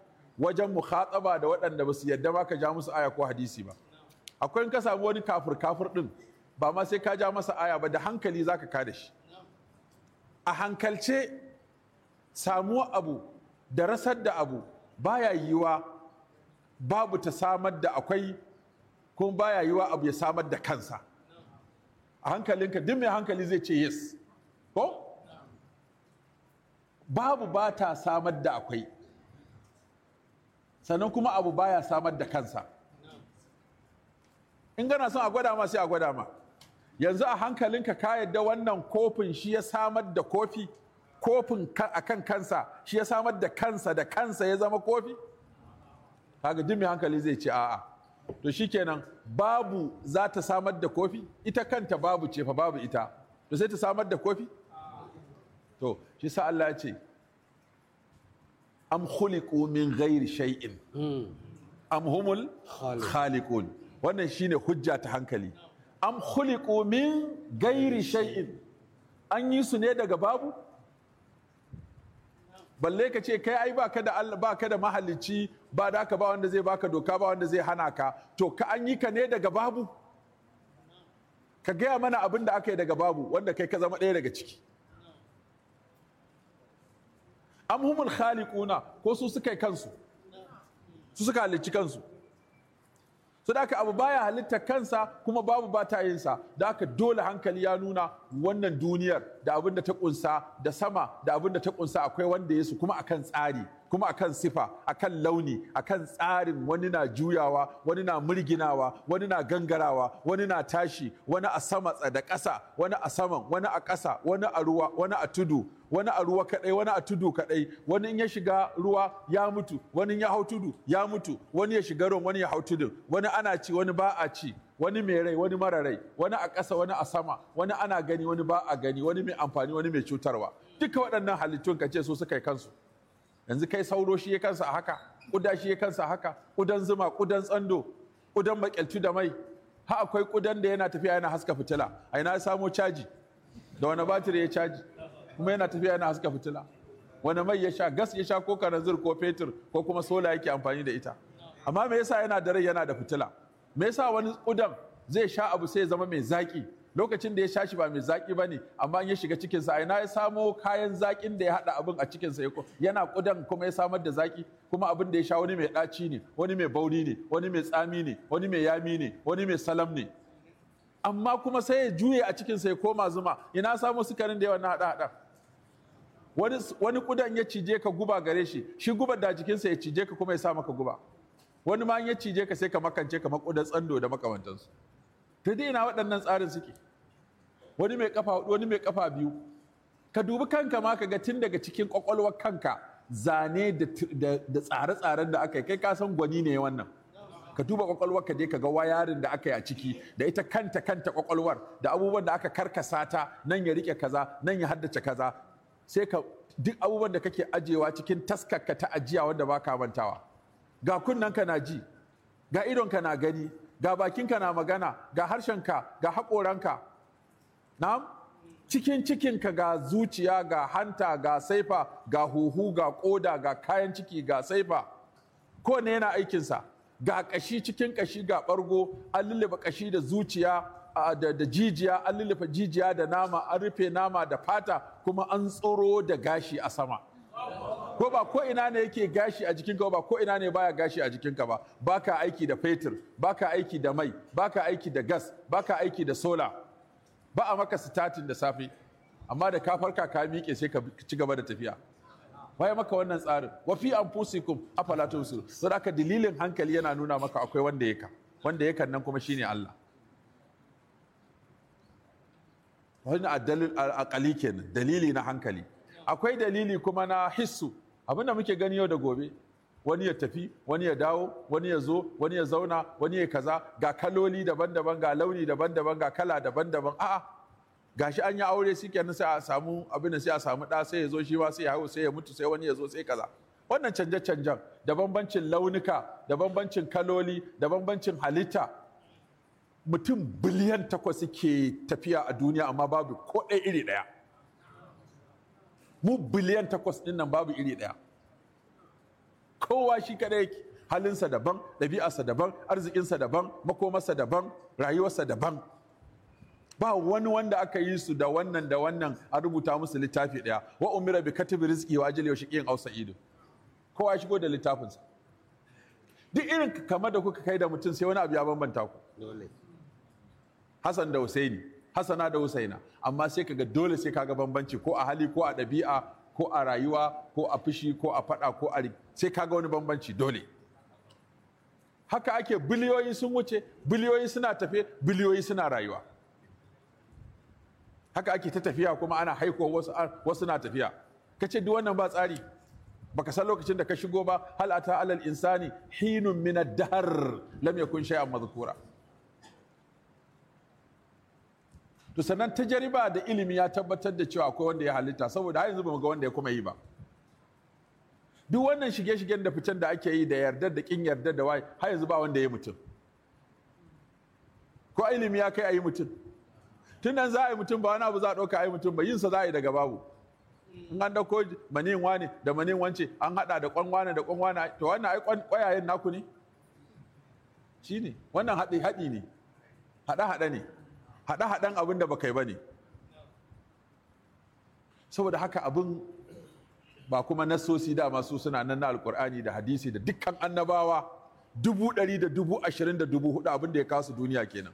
wajen mukhataba da waɗanda ba su yadda ma ka ja musu aya ko hadisi ba akwai in ka samu wani kafir kafir din ba ma sai ka ja masa aya ba da hankali zaka ka da shi a hankalce samuwa abu da rasar da abu baya yiwa babu ta samar da akwai kuma baya wa abu ya samar da kansa a hankalinka duk mai hankali zai ce yes ko babu ba ta samar da akwai sannan kuma abu baya samar da kansa in gana son a gwada ma sai a gwada ma yanzu a hankalinka ka yadda wannan kofin shi ya samar da kofi kofin a kan kansa shi ya samar da kansa da kansa ya zama kofi kaga duk mai hankali zai ce a'a to shikenan babu za ta samar da kofi ita kanta babu ce fa babu ita to sai ta samar da kofi to shi sa Allah ya ce am khuliqu min ghairi shay'in hmm. am humul khaliqun wannan shine hujja ta hankali am khuliqu min ghairi shay'in an yi su ne daga babu balle ka ce kai ai baka da Allah baka da mahalicci ba da ka ba wanda zai baka doka ba wanda zai hana ka to ka an yi ka ne daga babu ka gaya mana abin da aka yi daga babu wanda kai ka zama ɗaya daga ciki amhumul khaliquna ko su suka kansu su suka halicci kansu so da abu baya halitta kansa kuma babu ba ta yinsa da haka dole hankali ya nuna wannan duniyar da abin da ta kunsa da sama da abin da ta kunsa akwai wanda ya su kuma akan tsari kuma akan sifa akan launi akan tsarin wani na juyawa wani na murginawa wani na gangarawa wani na tashi wani a sama da ƙasa wani a saman wani a ƙasa wani a ruwa wani a tudu wani a ruwa kadai wani a tudu kadai wani in ya shiga ruwa ya mutu wani ya hau tudu ya mutu wani ya shiga ruwan wani ya hau tudu wani ana ci wani ba a ci wani mai rai wani mara rai wani a ƙasa wani a sama wani ana gani wani ba a gani wani mai amfani wani mai cutarwa duka waɗannan halittun ka ce su suka yi kansu yanzu kai sauro shi ya kansa a haka ƙuda shi ya kansa a haka ƙudan zuma kudan tsando ƙudan makyaltu da mai ha akwai ƙudan da yana tafiya yana haska fitila a ina ya samo caji da wani batiri ya caji kuma yana tafiya yana haska fitila wani mai ya sha gas ya sha ko kanazir ko fetur ko kuma sola yake amfani da ita amma me yasa yana da rai yana da fitila me yasa wani ƙudan zai sha abu sai ya zama mai zaƙi lokacin da ya shashi ba mai zaki ne. amma in ya shiga cikinsa, sa ina ya samo kayan zakin da ya hada abin a cikinsa yana kudan kuma ya samar da zaki kuma abin da ya sha wani mai daci ne wani mai bauri ne wani mai tsami ne wani mai yami ne wani mai salam ne amma kuma sai ya juye a cikinsa ya koma zuma ina samo sukarin da yawa na hada hada wani wani kudan ya cije ka guba gare shi shi gubar da jikinsa ya cije ka kuma ya sa maka guba wani ma ya cije ka sai ka makance ka kudan tsando da makamantansu ta waɗannan tsarin suke wani mai kafa hudu wani mai kafa biyu ka dubi kanka ma ka ga tun daga cikin kwakwalwar kanka zane da tsare-tsaren da aka yi kai kasan gwani ne wannan ka duba kwakwalwar ka je ka ga wayarin da aka yi a ciki da ita kanta kanta kwakwalwar da abubuwan da aka karkasa ta nan ya rike kaza nan ya haddace kaza sai ka duk abubuwan da kake ajiyewa cikin taskarka ta ajiya wanda ba ka mantawa ga kunnen ka na ji ga idon ka na gani ga bakinka na magana ga harshenka ga haƙoranka na'am cikin cikinka ga zuciya ga hanta ga saifa ga huhu ga ƙoda ga kayan ciki ga saifa ko ne yana aikinsa ga ƙashi cikin ƙashi ga ɓargo an lullufa ƙashi da zuciya da jijiya an lullufa jijiya da nama an rufe nama da fata kuma an tsoro da gashi a sama ko ba ko ina ne yake gashi a jikinka ba ko ina ne baya gashi a jikinka ba baka aiki da fetur baka aiki da mai baka aiki da gas baka aiki da sola ba a maka sitatin da safe amma da ka farka ka miƙe sai ka ci gaba da tafiya ya maka wannan tsarin wa fi anfusikum afala tusir saboda dalilin hankali yana nuna maka akwai wanda yaka wanda yakan nan kuma shine Allah wani a dalil kenan dalili na hankali akwai dalili kuma na hissu abin da muke gani yau da gobe wani ya tafi wani ya dawo wani ya zo wani ya zauna wani ya kaza ga kaloli daban-daban ga launi daban-daban ga kala daban-daban a'a gashi an yi aure shi kenan sai a samu abin da sai a samu ɗa sai ya zo shi ma sai ya hawo sai ya mutu sai wani ya zo sai kaza wannan canje-canjen da bambancin launuka da bambancin kaloli da bambancin halitta mutum biliyan takwas ke tafiya a duniya amma babu ko ɗaya iri ɗaya mu biliyan takwas ɗin nan babu iri ɗaya kowa shi kaɗai halinsa daban ɗabi'arsa daban arzikinsa daban makomarsa daban rayuwarsa daban ba wani wanda aka yi su da wannan da wannan a rubuta musu littafi ɗaya wa umira bi katibi rizqi wa ajli yawshiqin aw ido. kowa shigo da littafinsa duk irin kamar da kuka kai da mutum sai wani abu ya bambanta ku Hassan da Husaini hasana da husaina amma sai kaga dole sai kaga bambanci ko a hali ko a ɗabi'a ko a rayuwa ko a fushi ko a faɗa ko a sai kaga wani bambanci dole haka ake biliyoyi sun wuce biliyoyi suna tafe biliyoyi suna rayuwa haka ake ta tafiya kuma ana haiko wasu, na tafiya kace duk wannan ba tsari baka san lokacin da ka shigo ba hal ata alal insani hinun min ad-dahr lam yakun shay'an madhkura to sannan tajariba da ilimi ya tabbatar da cewa akwai wanda ya halitta saboda har yanzu ba mu ga wanda ya kuma yi ba duk wannan shige-shigen da fitan da ake yi da yardar da kin yardar da waye har yanzu ba wanda ya yi mutum ko ilimi ya kai a yi mutum tun nan za a yi mutum ba wani abu za a ɗauka a yi mutum ba yinsa za a yi daga babu in an ɗauko manin wane da manin wance an haɗa da kwangwana wane da kwangwana. wane to wannan ai kwayayen naku ne shi ne wannan haɗi haɗi ne haɗa haɗa ne haɗe-haɗen abin da baka yi ba ne saboda haka abin ba kuma nasosi da masu suna nan na alkur'ani da hadisi da dukkan annabawa dubu ɗari da dubu ashirin da dubu hudu abin da ya kasu duniya kenan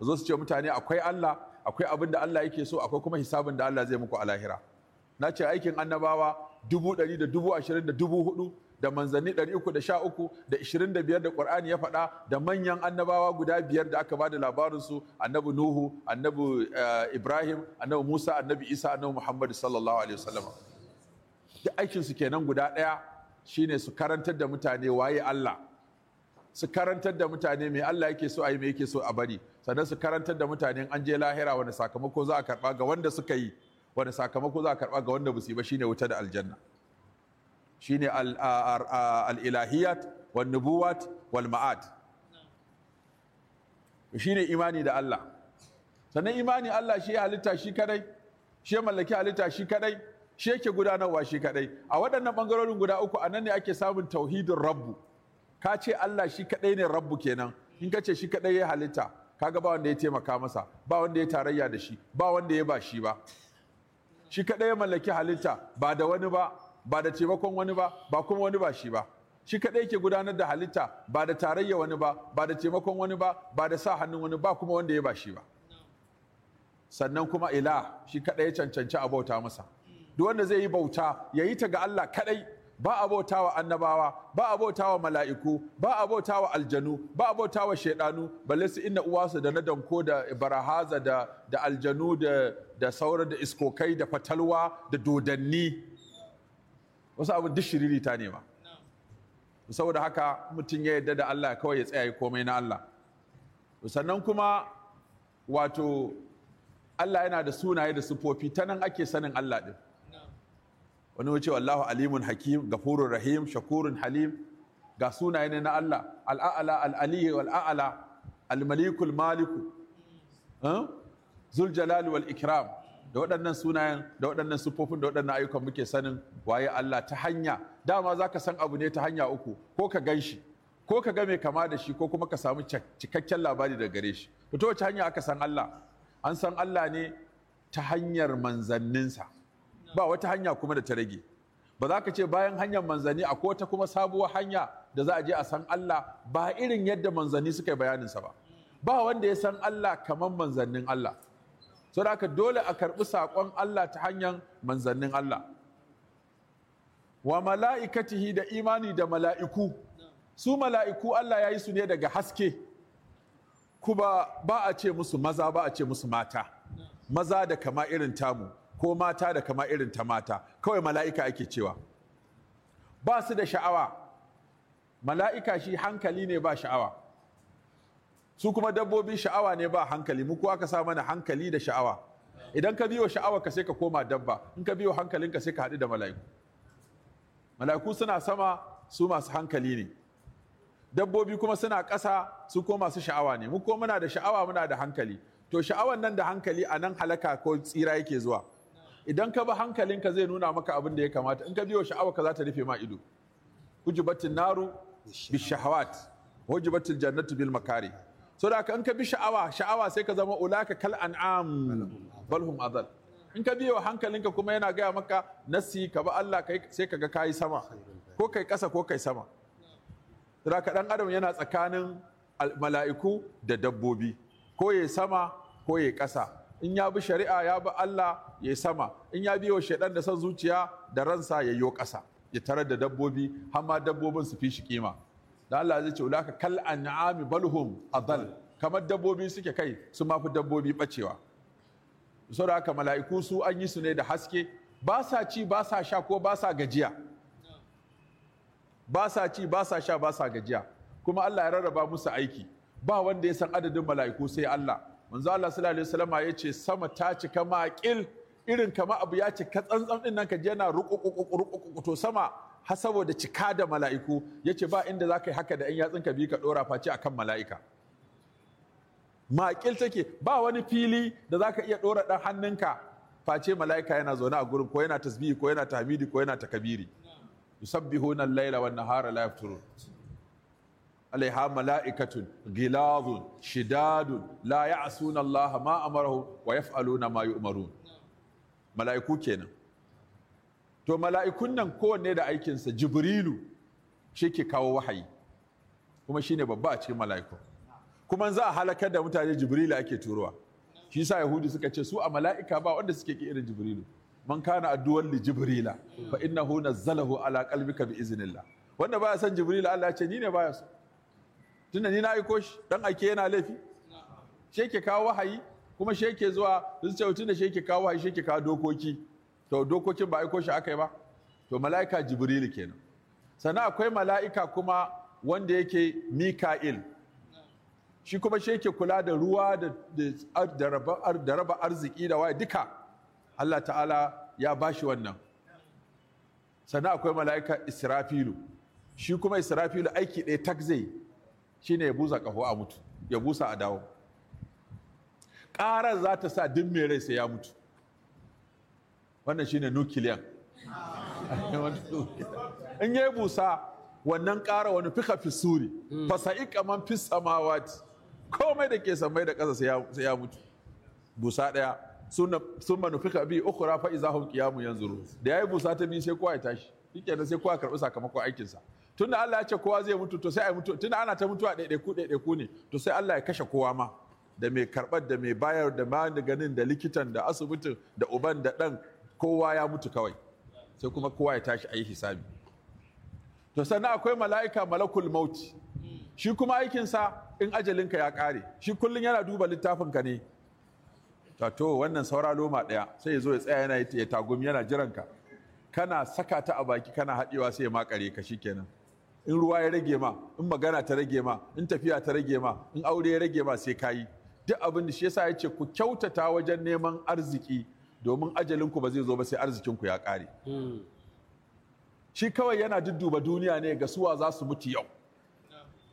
zo su ce mutane akwai Allah akwai abin da Allah yake so akwai kuma hisabin da Allah zai muku a lahira na ce aikin annabawa dubu ɗari da dubu ashirin da dubu hudu da manzanni 313 da 25 da Qur'ani ya faɗa da manyan annabawa guda biyar da aka ba da labarinsu annabi Nuhu annabi eh, Ibrahim annabi Musa annabi Isa annabi Muhammad sallallahu alaihi wasallam da aikin su kenan guda ɗaya shine su karantar da mutane waye Allah su karantar da mutane me Allah yake so ayi mai me yake so a bari sannan su karantar da mutane an je lahira wani sakamako za a karba ga wanda suka yi wani sakamako za a karba ga wanda ba su yi ba shine wuta da aljanna shine al-ilahiyat nubuwat wal ma'ad shine imani da Allah sannan imani Allah shi halitta shi kadai shi mallaki halitta shi kadai shi yake gudanarwa shi kadai a waɗannan bangarorin guda uku a nan ne ake samun tauhidin rabbu ka ce Allah shi kadai ne rabbu kenan in ka ce shi kadai ya halitta kaga ba wanda ya taimaka masa ba wanda ya tarayya da shi ba wanda ya ba shi ba shi kadai ya mallaki halitta ba da wani ba ba da taimakon wani ba ba kuma wani ba shi ba shi kadai yake gudanar da halitta ba da tarayya wani ba ba da taimakon wani ba ba da sa hannun wani ba kuma wanda ya ba shi ba sannan kuma ila shi kaɗai ya cancanci a bauta masa duk wanda zai yi bauta ya yi ta ga Allah kaɗai. ba a bauta wa annabawa ba a bauta wa mala'iku ba a bauta wa aljanu ba a bauta wa shaidanu balle su inna uwasu da na danko da barahaza da da aljanu da da sauran da iskokai da fatalwa da dodanni wasu abun duk shiriri ta nema saboda haka mutum ya yarda da Allah kawai ya tsaya komai na Allah sannan kuma wato Allah yana da sunaye da sufofi ta nan ake sanin Allah din wani wuce wallahu alimun hakim gafurun rahim shakurun halim ga sunaye ne na Allah al'a'ala al'aliyu wal'a'ala al-malikul maliku zul wal ikram da waɗannan sunayen da waɗannan siffofin da waɗannan ayyukan muke sanin waye Allah ta hanya dama za ka san abu ne ta hanya uku ko ka gan shi ko ka ga mai kama da shi ko kuma ka samu cikakken labari daga gare shi to ta wace hanya aka san Allah an san Allah ne ta hanyar manzanninsa ba wata hanya kuma da ta rage ba za ka ce bayan hanyar manzanni a ta kuma sabuwar hanya da za a je a san Allah ba irin yadda manzanni suka yi bayaninsa ba ba wanda ya san Allah kamar manzannin Allah saboda haka dole a karɓi saƙon Allah ta hanyar manzannin Allah wa mala'ikatihi da imani da mala'iku su mala'iku Allah ya yi su ne daga haske kuma ba a ce musu maza ba a ce musu mata maza da kama irin tamu ko mata da kama irin ta mata kawai mala'ika ake cewa ba su da sha'awa mala'ika shi hankali ne ba sha'awa su kuma dabbobi sha'awa ne ba hankali mu kuwa ka sa mana hankali da sha'awa idan ka biyo sha'awa ka sai ka koma dabba in ka biyo hankalin ka sai ka haɗu da mala'iku mala'iku suna sama su masu hankali ne dabbobi kuma suna ƙasa su ko masu sha'awa ne mu ko muna da sha'awa muna da hankali to sha'awan nan da hankali a nan halaka ko tsira yake zuwa idan ka bi hankalinka zai nuna maka abin da ya kamata in ka biyo sha'awa ka za ta rufe ma ido hujubatin naru bishahawat hujubatin jannatu bil makari so da in ka bi sha'awa sha'awa sai ka zama ulaka kal an'am balhum adal in ka biyo hankalinka kuma yana gaya maka nasi ka ba Allah sai ka ga kayi sama ko kai ƙasa ko kai sama da ka dan adam yana tsakanin mala'iku da dabbobi ko ya sama ko ya ƙasa in ya bi shari'a ya bi Allah ya sama in ya biyo shaidan da san zuciya da ransa ya yo ƙasa ya tarar da dabbobi har ma dabbobin su fi shi kima da Allah zai ce ulaka kal an'ami balhum adal kamar dabbobi suke kai su ma fi dabbobi bacewa saboda haka mala'iku su an yi su ne da haske ba sa ci ba sa sha ko ba sa gajiya ba sa ci ba sa sha ba sa gajiya kuma Allah ya rarraba musu aiki ba wanda ya san adadin mala'iku sai Allah manzo Allah sallallahu alaihi wasallam ya ce sama ta cika maƙil irin kama abu ya ka tsantsan din nan ka je yana rukukuku-rukukuku to sama har saboda cika da mala'iku ya ce ba inda za ka yi haka da 'yan yatsunka biyu ka ɗora face a kan mala'ika maƙil take ba wani fili da za ka iya ɗora ɗan hannunka face mala'ika yana zaune a gurin ko yana tasbihi ko yana tahmidi ko yana takabiri yusabbihu nan laila wa nahara la yafturun alaiha mala'ikatun gilazun shidadun la ya'suna allaha ma amarahu wa yaf'aluna ma yu'marun mala'iku kenan to mala'ikun nan kowanne da aikinsa jibrilu shi ke kawo wahayi kuma shine babba a cikin mala'iku kuma za a halakar da mutane jibrilu ake turowa shi sa yahudi suka ce su a mala'ika ba wanda suke irin jibrilu man kana addu'ar li jibrila fa innahu nazzalahu ala qalbika bi iznillah wanda baya son jibril Allah ce ni ne baya so tunda ni na aiko shi dan ake yana laifi shi ke kawo wahayi kuma shi ke zuwa su ce tunda shi ke kawo wahayi shi ke kawo dokoki to dokokin ba aiko shi aka yi ba to mala'ika jibrilu kenan sannan akwai mala'ika kuma wanda yake mika'il shi kuma shi yake kula da ruwa da raba arziki da waya duka Allah ta'ala ya bashi wannan sannan akwai mala'ika israfilu shi kuma israfilu aiki ɗaya tak zai shi ne ya busa a mutu ya a dawo ƙarar za ta sa duk mai rai sai ya mutu wannan shine nukiliyan (laughs) in ya busa wannan ƙara wani fika suri, hmm. fasa kaman fi samawati komai da ke samai da ƙasa sai ya mutu busa ɗaya sun manufika bi uku rafa iza hun kiyamu yanzu da ya yi busa ta biyu sai kowa ya tashi shikenan sai kowa karɓi sakamakon aikinsa tunda Allah ya ce kowa zai mutu to sai yi mutu tunda ana ta mutuwa ɗaiɗaiku ku ne to sai Allah ya kashe kowa ma da mai karɓar da mai bayar da ma ganin da likitan da asibitin da uban da ɗan kowa ya mutu kawai sai kuma kowa ya tashi a yi hisabi to sannan akwai mala'ika malakul mauti shi kuma aikinsa in ajalinka ya ƙare shi kullum yana duba littafinka ne to wannan saura loma ɗaya sai ya zo ya tsaya yana ya tagumi yana jiranka kana saka ta a baki kana haɗewa sai ya makare ka kenan. in ruwa ya rage ma in magana ta rage ma in tafiya ta rage ma in aure ya rage ma sai kayi duk abin da shi yasa ya ce ku kyautata wajen neman arziki domin ajalinku ba zai zo ba sai arzikinku ya kare. Hmm. shi kawai yana dudduba duniya ne ga suwa za su mutu yau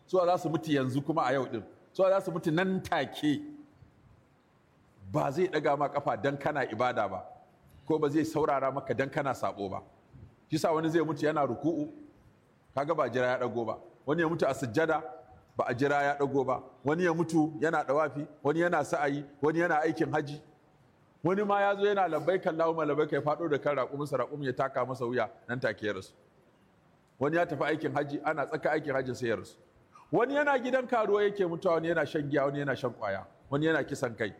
suwa za su mutu yanzu kuma a yau din suwa za su mutu nan take ba zai ɗaga ma kafa dan kana ibada ba ko ba zai saurara maka dan kana sabo ba shi sa wani zai mutu yana ruku'u kaga ba jira ya ɗago ba wani ya mutu a sujjada ba a jira ya ɗago ba wani ya mutu yana ɗawafi wani yana sa'ayi wani yana aikin haji wani ma ya zo yana labbai kallahu ma labbai kai faɗo da kan raƙumin sa raƙumin ya taka masa wuya nan take ya wani ya tafi aikin haji ana tsaka aikin hajin sai ya rasu wani yana gidan karuwa yake mutuwa wani yana shan giya wani yana shan kwaya wani yana kisan kai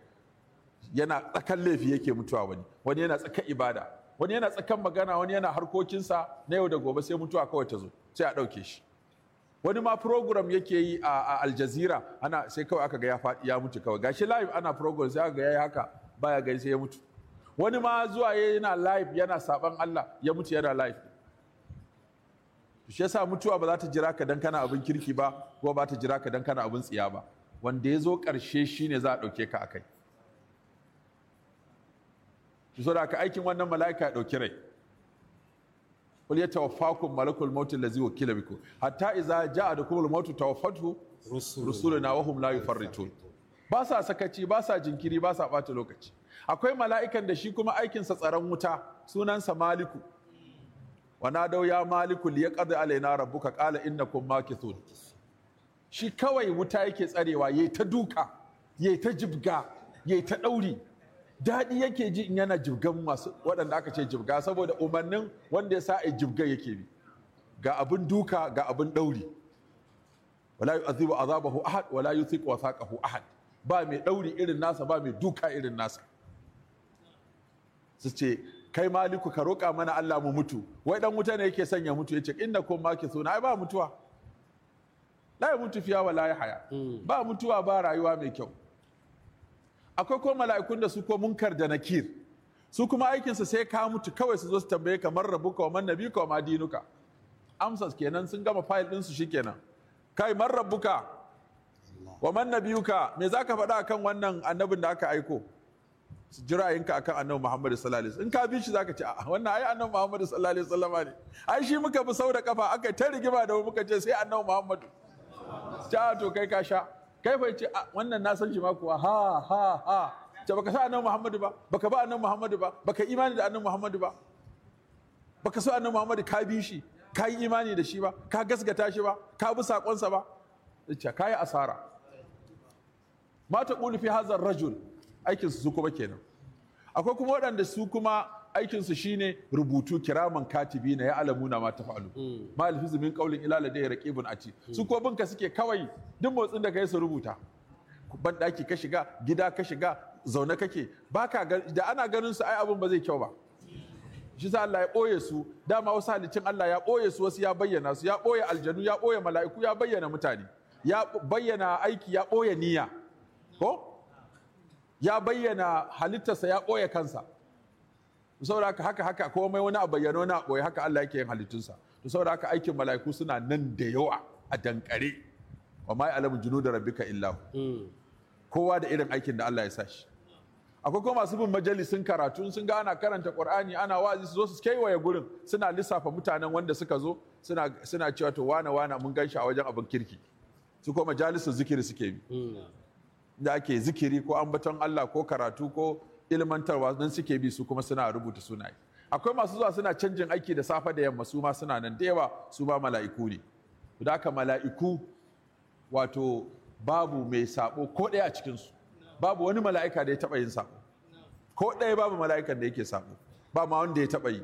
yana tsakan laifi yake mutuwa wani wani yana tsakan ibada wani yana tsakan magana wani yana harkokinsa na yau da gobe sai mutuwa kawai ta zo sai a ɗauke shi wani ma program yake yi a, aljazira ana sai kawai aka ga ya faɗi ya mutu kawai gashi live ana program sai aka ga ya yi haka baya sai ya mutu wani ma zuwa yana live yana saban Allah ya mutu yana live shi yasa mutuwa ba za ta jira ka dan kana abin kirki ba ko ba ta jira ka dan kana abin tsiya ba wanda ya zo karshe shine za a dauke ka akai shi so da ka aikin wannan mala'ika ya ɗauki rai qul yatawaffakum malakul maut allazi wukila bikum hatta idza ja'a da maut tawaffatu rusuluna wa hum la yufarritun ba sa sakaci ba sa jinkiri ba sa ɓata lokaci akwai mala'ikan da shi kuma aikinsa tsaron wuta sunansa maliku wana dau ya maliku liya ƙadda alaina ka ƙala inna kun maki shi kawai wuta yake tsarewa yai ta duka yai ta jibga yai ta ɗauri. daɗi yake ji in yana jibgan masu waɗanda aka ce jibga saboda umarnin wanda ya sa a jibga yake bi ga abin duka ga abin ɗauri wala azabahu ahad wala yuthiqu wathaqahu ahad ba mai ɗauri irin nasa ba mai duka irin nasa su ce kai maliku ka roƙa mana Allah mu mutu wai dan wuta ne yake sanya mutu yace inna kun ke suna ai ba mutuwa la mutu fiya wa ya haya hmm. ba mutuwa ba rayuwa mai kyau akwai ko mala'ikun da su ko munkar da nakir su kuma aikinsu sai ka mutu kawai su zo su tambaye ka man rabbuka wa man wa ma dinuka amsas kenan sun gama fayil din su kenan. kai man ka. wa man nabiyuka me zaka faɗa akan wannan annabin da aka aiko jira'inka akan annabi Muhammad sallallahu alaihi wasallam in ka bi shi zaka ce a wannan ai annabi Muhammad sallallahu alaihi wasallam ne ai shi muka bi sau da kafa aka ta rigima da muka ce sai annabi Muhammad ta to kai ka sha kai fa ce wannan na san shi ma kuwa ha ha ha ta baka sa annabi Muhammad ba baka ba annabi Muhammad ba baka imani da annabi Muhammad ba baka so annabi Muhammad ka bi shi ka yi imani da shi ba ka gaskata shi ba ka bi sakonsa ba ka yi asara ma ta ƙulu fi hazar rajul aikinsu su kuma kenan akwai kuma waɗanda su kuma aikinsu shine rubutu kiraman katibi na ya alamuna na mata fa'alu hmm. ma alfizu min ya raƙi hmm. bin a ci su ko ka suke kawai duk motsin da ka yi su rubuta ban ɗaki ka shiga gida ka shiga zaune kake baka da ana ganin su ai abin ba zai kyau ba shi sa Allah ya ɓoye su dama wasu halicin Allah ya ɓoye su wasu ya bayyana su ya ɓoye aljanu ya ɓoye mala'iku ya bayyana mutane ya bayyana aiki ya ɓoye niyya ko ya bayyana halittarsa ya ɓoye kansa saboda haka haka haka komai wani a bayyana wani a ɓoye haka Allah yake yin halittunsa to saboda haka aikin mala'iku suna nan da yawa a dankare wa ma da junuda rabbika illa hmm. kowa da irin aikin da Allah ya sa shi akwai kuma masu bin majalisun karatu sun ga ana karanta Qur'ani ana wazi su zo su kewaye gurin suna lissafa mutanen wanda suka zo suna suna cewa to wana wana mun shi a wajen abin kirki su kuma majalisun zikiri suke bi hmm. da ake zikiri ko ambaton Allah ko karatu ko ilmantarwa nan suke bi su kuma suna rubuta sunaye akwai masu zuwa suna canjin aiki da safe da yamma su ma suna nan da yawa su ma mala'iku ne da haka mala'iku wato babu mai sabo ko ɗaya a cikinsu babu wani mala'ika da ya taɓa yin sabo ko ɗaya babu mala'ikan da yake sabo ba ma wanda ya taɓa yi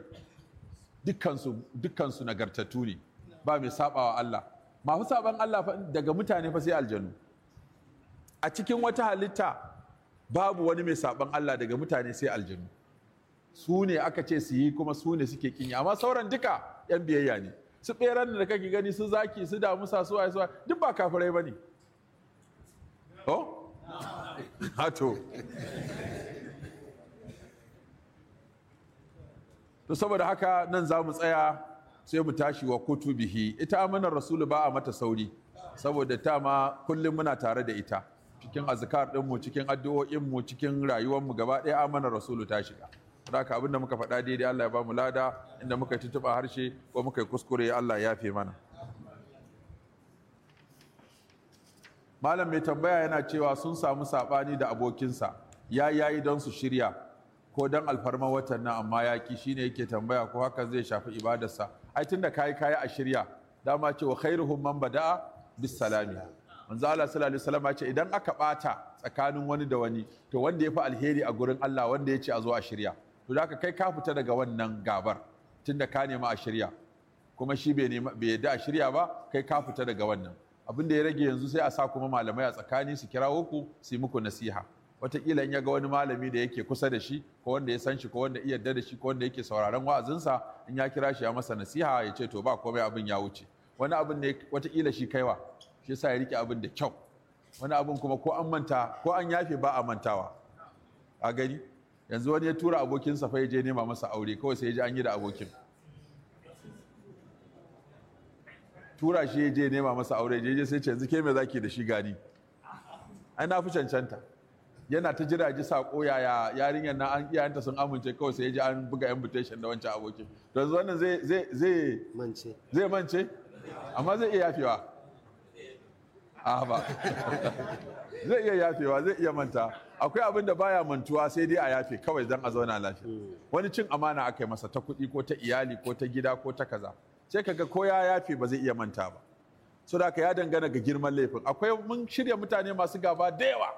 dukkansu dukkansu nagartattu ne ba mai sabawa Allah masu saban Allah daga mutane fa sai aljanu a cikin wata halitta babu wani mai saɓan Allah daga mutane sai aljanu su ne aka ce su yi kuma su ne suke kinyi amma sauran duka yan biyayya ne su beran da kake gani su zaki su damu sa su waye duk ba kafirai bane oh (laughs) to to saboda haka nan za mu tsaya sai mu tashi wa kutubihi ita amanar rasulu ba a mata sauri saboda ta ma kullum muna tare da ita cikin azkar din mu cikin addu'o'in mu cikin rayuwarmu, gaba ɗaya amana rasulu ta shiga haka ka muka faɗa daidai Allah ya ba mu lada inda muka tutuba harshe ko muka yi kuskure Allah ya yafe mana malam mai tambaya yana cewa sun samu saɓani da abokinsa ya yayi don su shirya ko don alfarma watan nan amma ya ki shine yake tambaya ko hakan zai shafi ibadarsa ai tunda kayi kayi a shirya dama cewa khairuhum man bada'a bis salami manzo Allah sallallahu alaihi wasallam ce idan aka bata tsakanin wani da wani to wanda ya fi alheri a gurin Allah wanda ya ce a zo a shirya to da kai ka fita daga wannan gabar tunda ka nema a shirya kuma shi bai bai yadda a shirya ba kai ka fita daga wannan abin da ya rage yanzu sai a sa kuma malamai a tsakani su kirawo ku su yi muku nasiha wataƙila in ya ga wani malami da yake kusa da shi ko wanda ya san shi ko wanda iya da shi ko wanda yake sauraron wa'azinsa in ya kira shi ya masa nasiha ya ce to ba komai abin ya wuce wani abin ne wataƙila shi kaiwa shi yasa ya rike abin da kyau wani abin kuma ko an manta ko an yafe ba a mantawa a gani yanzu wani ya tura abokinsa fa ya je nema masa aure kawai sai ya ji an yi da abokin tura shi ya je nema masa aure je je sai ce yanzu ke me zaki da shi gani ai na fi cancanta yana ta jira ji sako yaya yarinyar na an iyayenta sun amince kawai sai ya ji an buga invitation da wancan abokin Yanzu wannan zai zai zai mance amma zai iya yafewa ba zai iya yafewa zai iya manta akwai abin da baya mantuwa sai dai a yafe kawai dan a zauna lafiya hmm. wani cin amana aka yi masa ta kuɗi ko ta iyali ko ta gida ko ta kaza sai kaga ko ya yafe ba zai iya manta ba so da ya dangana ga girman laifin akwai mun shirya mutane masu gaba da yawa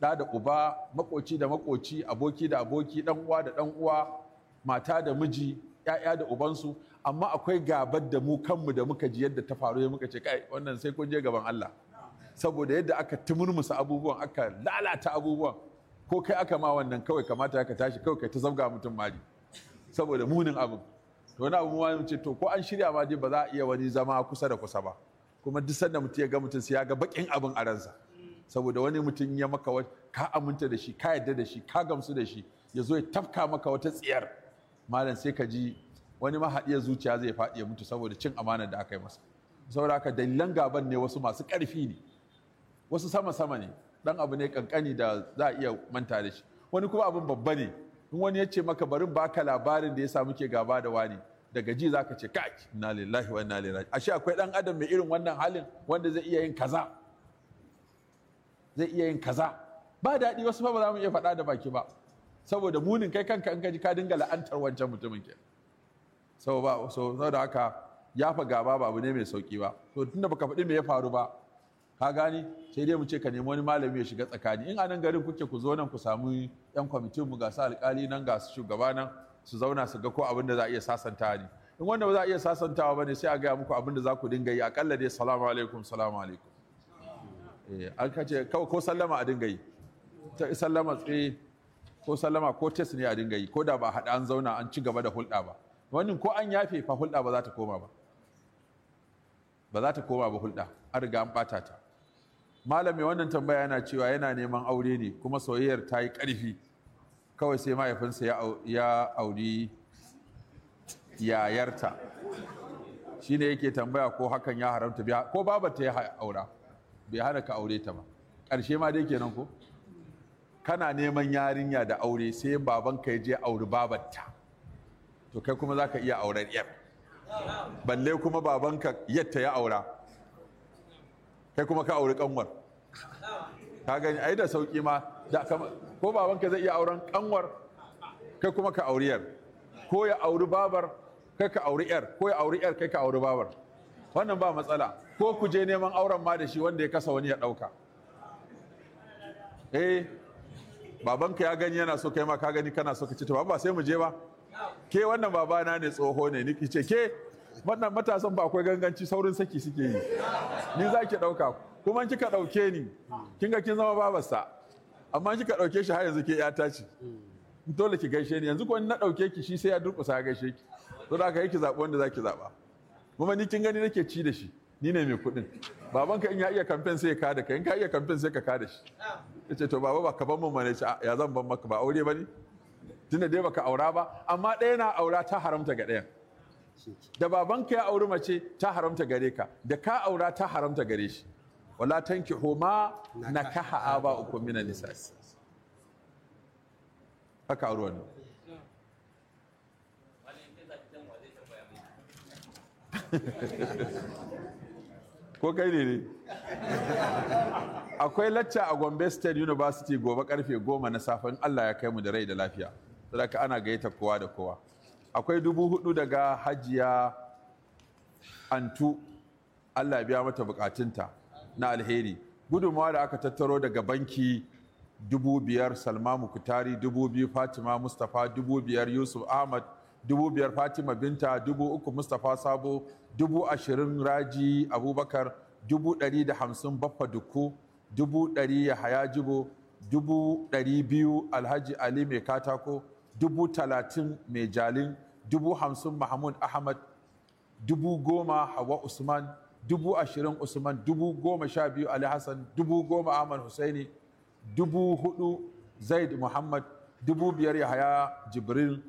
da da uba makoci da makoci aboki da aboki dan uwa da dan uwa mata da miji ya'ya da ubansu amma akwai gabar da mu kanmu da muka ji yadda ta faru ya muka ce kai wannan sai kun je gaban Allah saboda yadda aka timurmusa abubuwan aka lalata abubuwan ko kai aka ma wannan kawai kamata ka tashi kawai kai ta zabga mutum mali saboda munin abin to wani abu ma ce to ko an shirya ma dai ba za a iya wani zama kusa da kusa ba kuma duk sanda mutum ya ga mutum sai ya ga bakin abin a ransa saboda wani mutum ya maka ka aminta da shi ka yarda da shi ka gamsu da shi ya zo ya tafka maka wata tsiyar malam sai ka ji wani mahaɗiyar zuciya zai faɗi ya mutu saboda cin amanar da aka yi masa saboda haka dalilan gaban ne wasu masu ƙarfi ne wasu sama sama ne dan abu ne kankani da za a iya manta da shi wani kuma abin babba ne in wani ya ce maka barin baka labarin da ya sa muke gaba da wani daga ji zaka ce kai inna lillahi wa inna ilaihi ashe akwai dan adam mai irin wannan halin wanda zai iya yin kaza zai iya yin kaza ba daɗi wasu ba za mu iya faɗa da baki ba saboda munin kai kanka in ka ji ka dinga la'antar wancan mutumin kenan sau ba so haka ya fa gaba ba abu ne mai sauki ba to tunda baka faɗi me ya faru ba ka gani sai dai mu ce ka nemi wani malami ya shiga tsakani in anan garin kuke ku zo nan ku samu yan kwamitin mu ga su alƙali nan ga su shugaba nan su zauna su ga ko abin da za a iya sasanta ne in wanda ba za a iya sasantawa ba ne sai a gaya muku abin da za ku dinga yi akalla dai salamu alaikum salamu alaikum eh, an kace kawai ko sallama a dinga yi ta sallama tsaye eh, ko sallama ko tes ne a dinga yi ko da ba haɗa an zauna an ci gaba da hulɗa ba wani ko an yafe fa hulɗa ba za ta koma ba ba za ta koma ba hulɗa an riga an ɓata ta malam mai wannan tambaya yana cewa yana neman aure ne kuma soyayyar ta yi ƙarfi kawai sai mahaifinsa ya auri yayarta shi ne yake tambaya ko hakan ya haramta ko babata ya aura bai hana ka aure ta ba ƙarshe ma dai kenan ko kana neman yarinya da aure sai babanka ya je auri babarta to kai kuma za ka iya auren yar balle kuma babanka yadda ya aura kai kuma ka auri kanwar ka gani ai da sauki ma ko babanka zai iya auren kanwar kai kuma ka auri yar ko ya auri babar kai ka auri yar ko ya auri yar kai ka auri babar wannan ba matsala ko ku je neman auren ma da shi wanda ya kasa wani ya dauka eh babanka ya gani yana so kai ma ka gani kana so ka ci ta ba sai mu je ba ke wannan babana ne tsoho ne niki ce ke wannan matasan ba akwai ganganci saurin saki suke yi ni za ki ɗauka kuma kika ɗauke ni kin ga kin zama babarsa amma kika ɗauke shi har yanzu ke ya ce dole ki gaishe ni yanzu ko na ɗauke ki shi sai ya durƙusa gaishe ki to da aka yi ki zaɓi wanda za ki zaɓa kuma ni kin gani nake ci da shi ni ne mai kuɗin babanka in ya iya kamfen sai ya kada ka in ka iya kamfen sai ka kada shi ya ce to baba ba ka ban mun mana ya zan ban maka ba aure ba ne tunda dai baka aura ba amma ɗaya na aura ta haramta ga ɗayan da babanka ya auri mace ta haramta gare ka da ka aura ta haramta gare shi wala tankihu ma nakaha uku mina nisa haka auri wannan ko kai ne ne akwai lacca a gombe state university gobe karfe goma na safin allah ya kai mu da rai da lafiya saboda ana gaita kowa da kowa akwai dubu hudu daga hajiya antu Allah biya mata bukatunta na alheri gudunmawa da aka tattaro daga banki dubu biyar salma mukutari dubu biyu fatima mustapha dubu biyar yusuf ahmad dubu biyar fatima binta dubu uku mustapha sabo dubu ashirin raji abubakar dubu dari da hamsin baffa dukku dubu dari yahaya jibo dubu dari biyu alhaji ali mai katako dubu talatin mai jalin dubu hamsin mahmud ahmad dubu goma hawa usman dubu ashirin usman dubu goma sha biyu ali hassan dubu goma ahmad husaini dubu hudu zaid muhammad dubu biyar yahaya jibril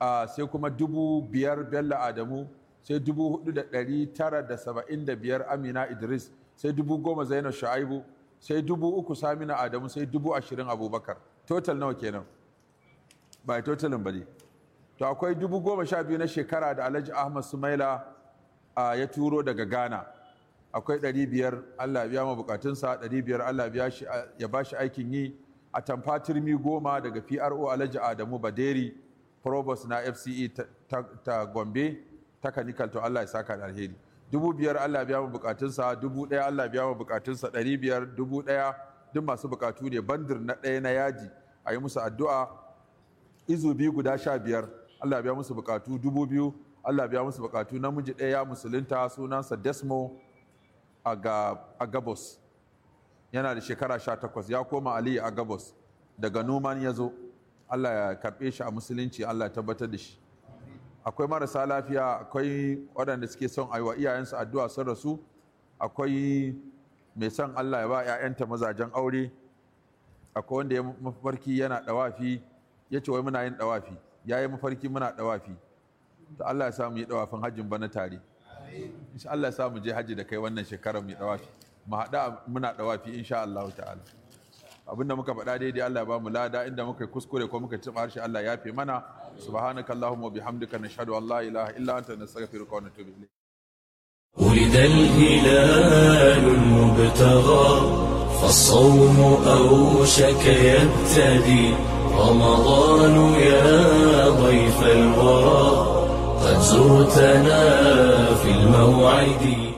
sai kuma dubu biyar bello adamu sai dubu hudu da dari tara da saba'in da biyar amina idris sai dubu goma zainab shu'aibu sai dubu uku samina adamu sai dubu ashirin abubakar total nawa kenan ba totalin ba ne to akwai dubu goma sha biyu na shekara da alhaji ahmad sumaila ya turo daga ghana akwai ɗari biyar allah biya mabukatunsa ɗari biyar allah biya ya ba shi aikin yi a tamfa turmi goma daga pro alhaji adamu baderi probos na fce ta gombe kanikal to allah ya saka da alheri dubu biyar allah biya mabukatunsa dubu ɗaya allah biya mabukatunsa ɗari biyar dubu ɗaya duk masu bukatu ne bandir na ɗaya na yaji a yi musu addu'a izu biyu guda sha biyar Allah biya musu bukatu dubu biyu Allah biya musu bukatu namiji ɗaya musulunta sunansa Desmo a gabos yana da shekara sha takwas ya koma Aliyu gabos daga Numan ya zo Allah ya karɓe shi a musulunci Allah tabbatar da shi akwai marasa lafiya akwai waɗanda suke son a yi wa iyayensu addu'a sun rasu akwai mai son Allah ya ba 'ya'yanta mazajen aure akwai wanda ya mafarki yana ɗawafi ya ce wai muna yin ɗawafi ya yi mafarki muna ɗawafi ta Allah ya samu yi ɗawafin hajjin bana tare insha Allah ya samu je hajji da kai wannan shekarar mu yi ɗawafi mu haɗa muna ɗawafi insha Allah ta'ala abin da muka faɗa daidai Allah ya ba mu lada inda muka kuskure ko muka tsima harshe Allah ya fi mana subhanakallahumma wa bihamdika nashhadu an la ilaha illa anta nastaghfiruka wa natubu ilayk ولد الهلال المبتغى فالصوم أوشك يبتدي رمضان يا ضيف الورى قد زرتنا في الموعد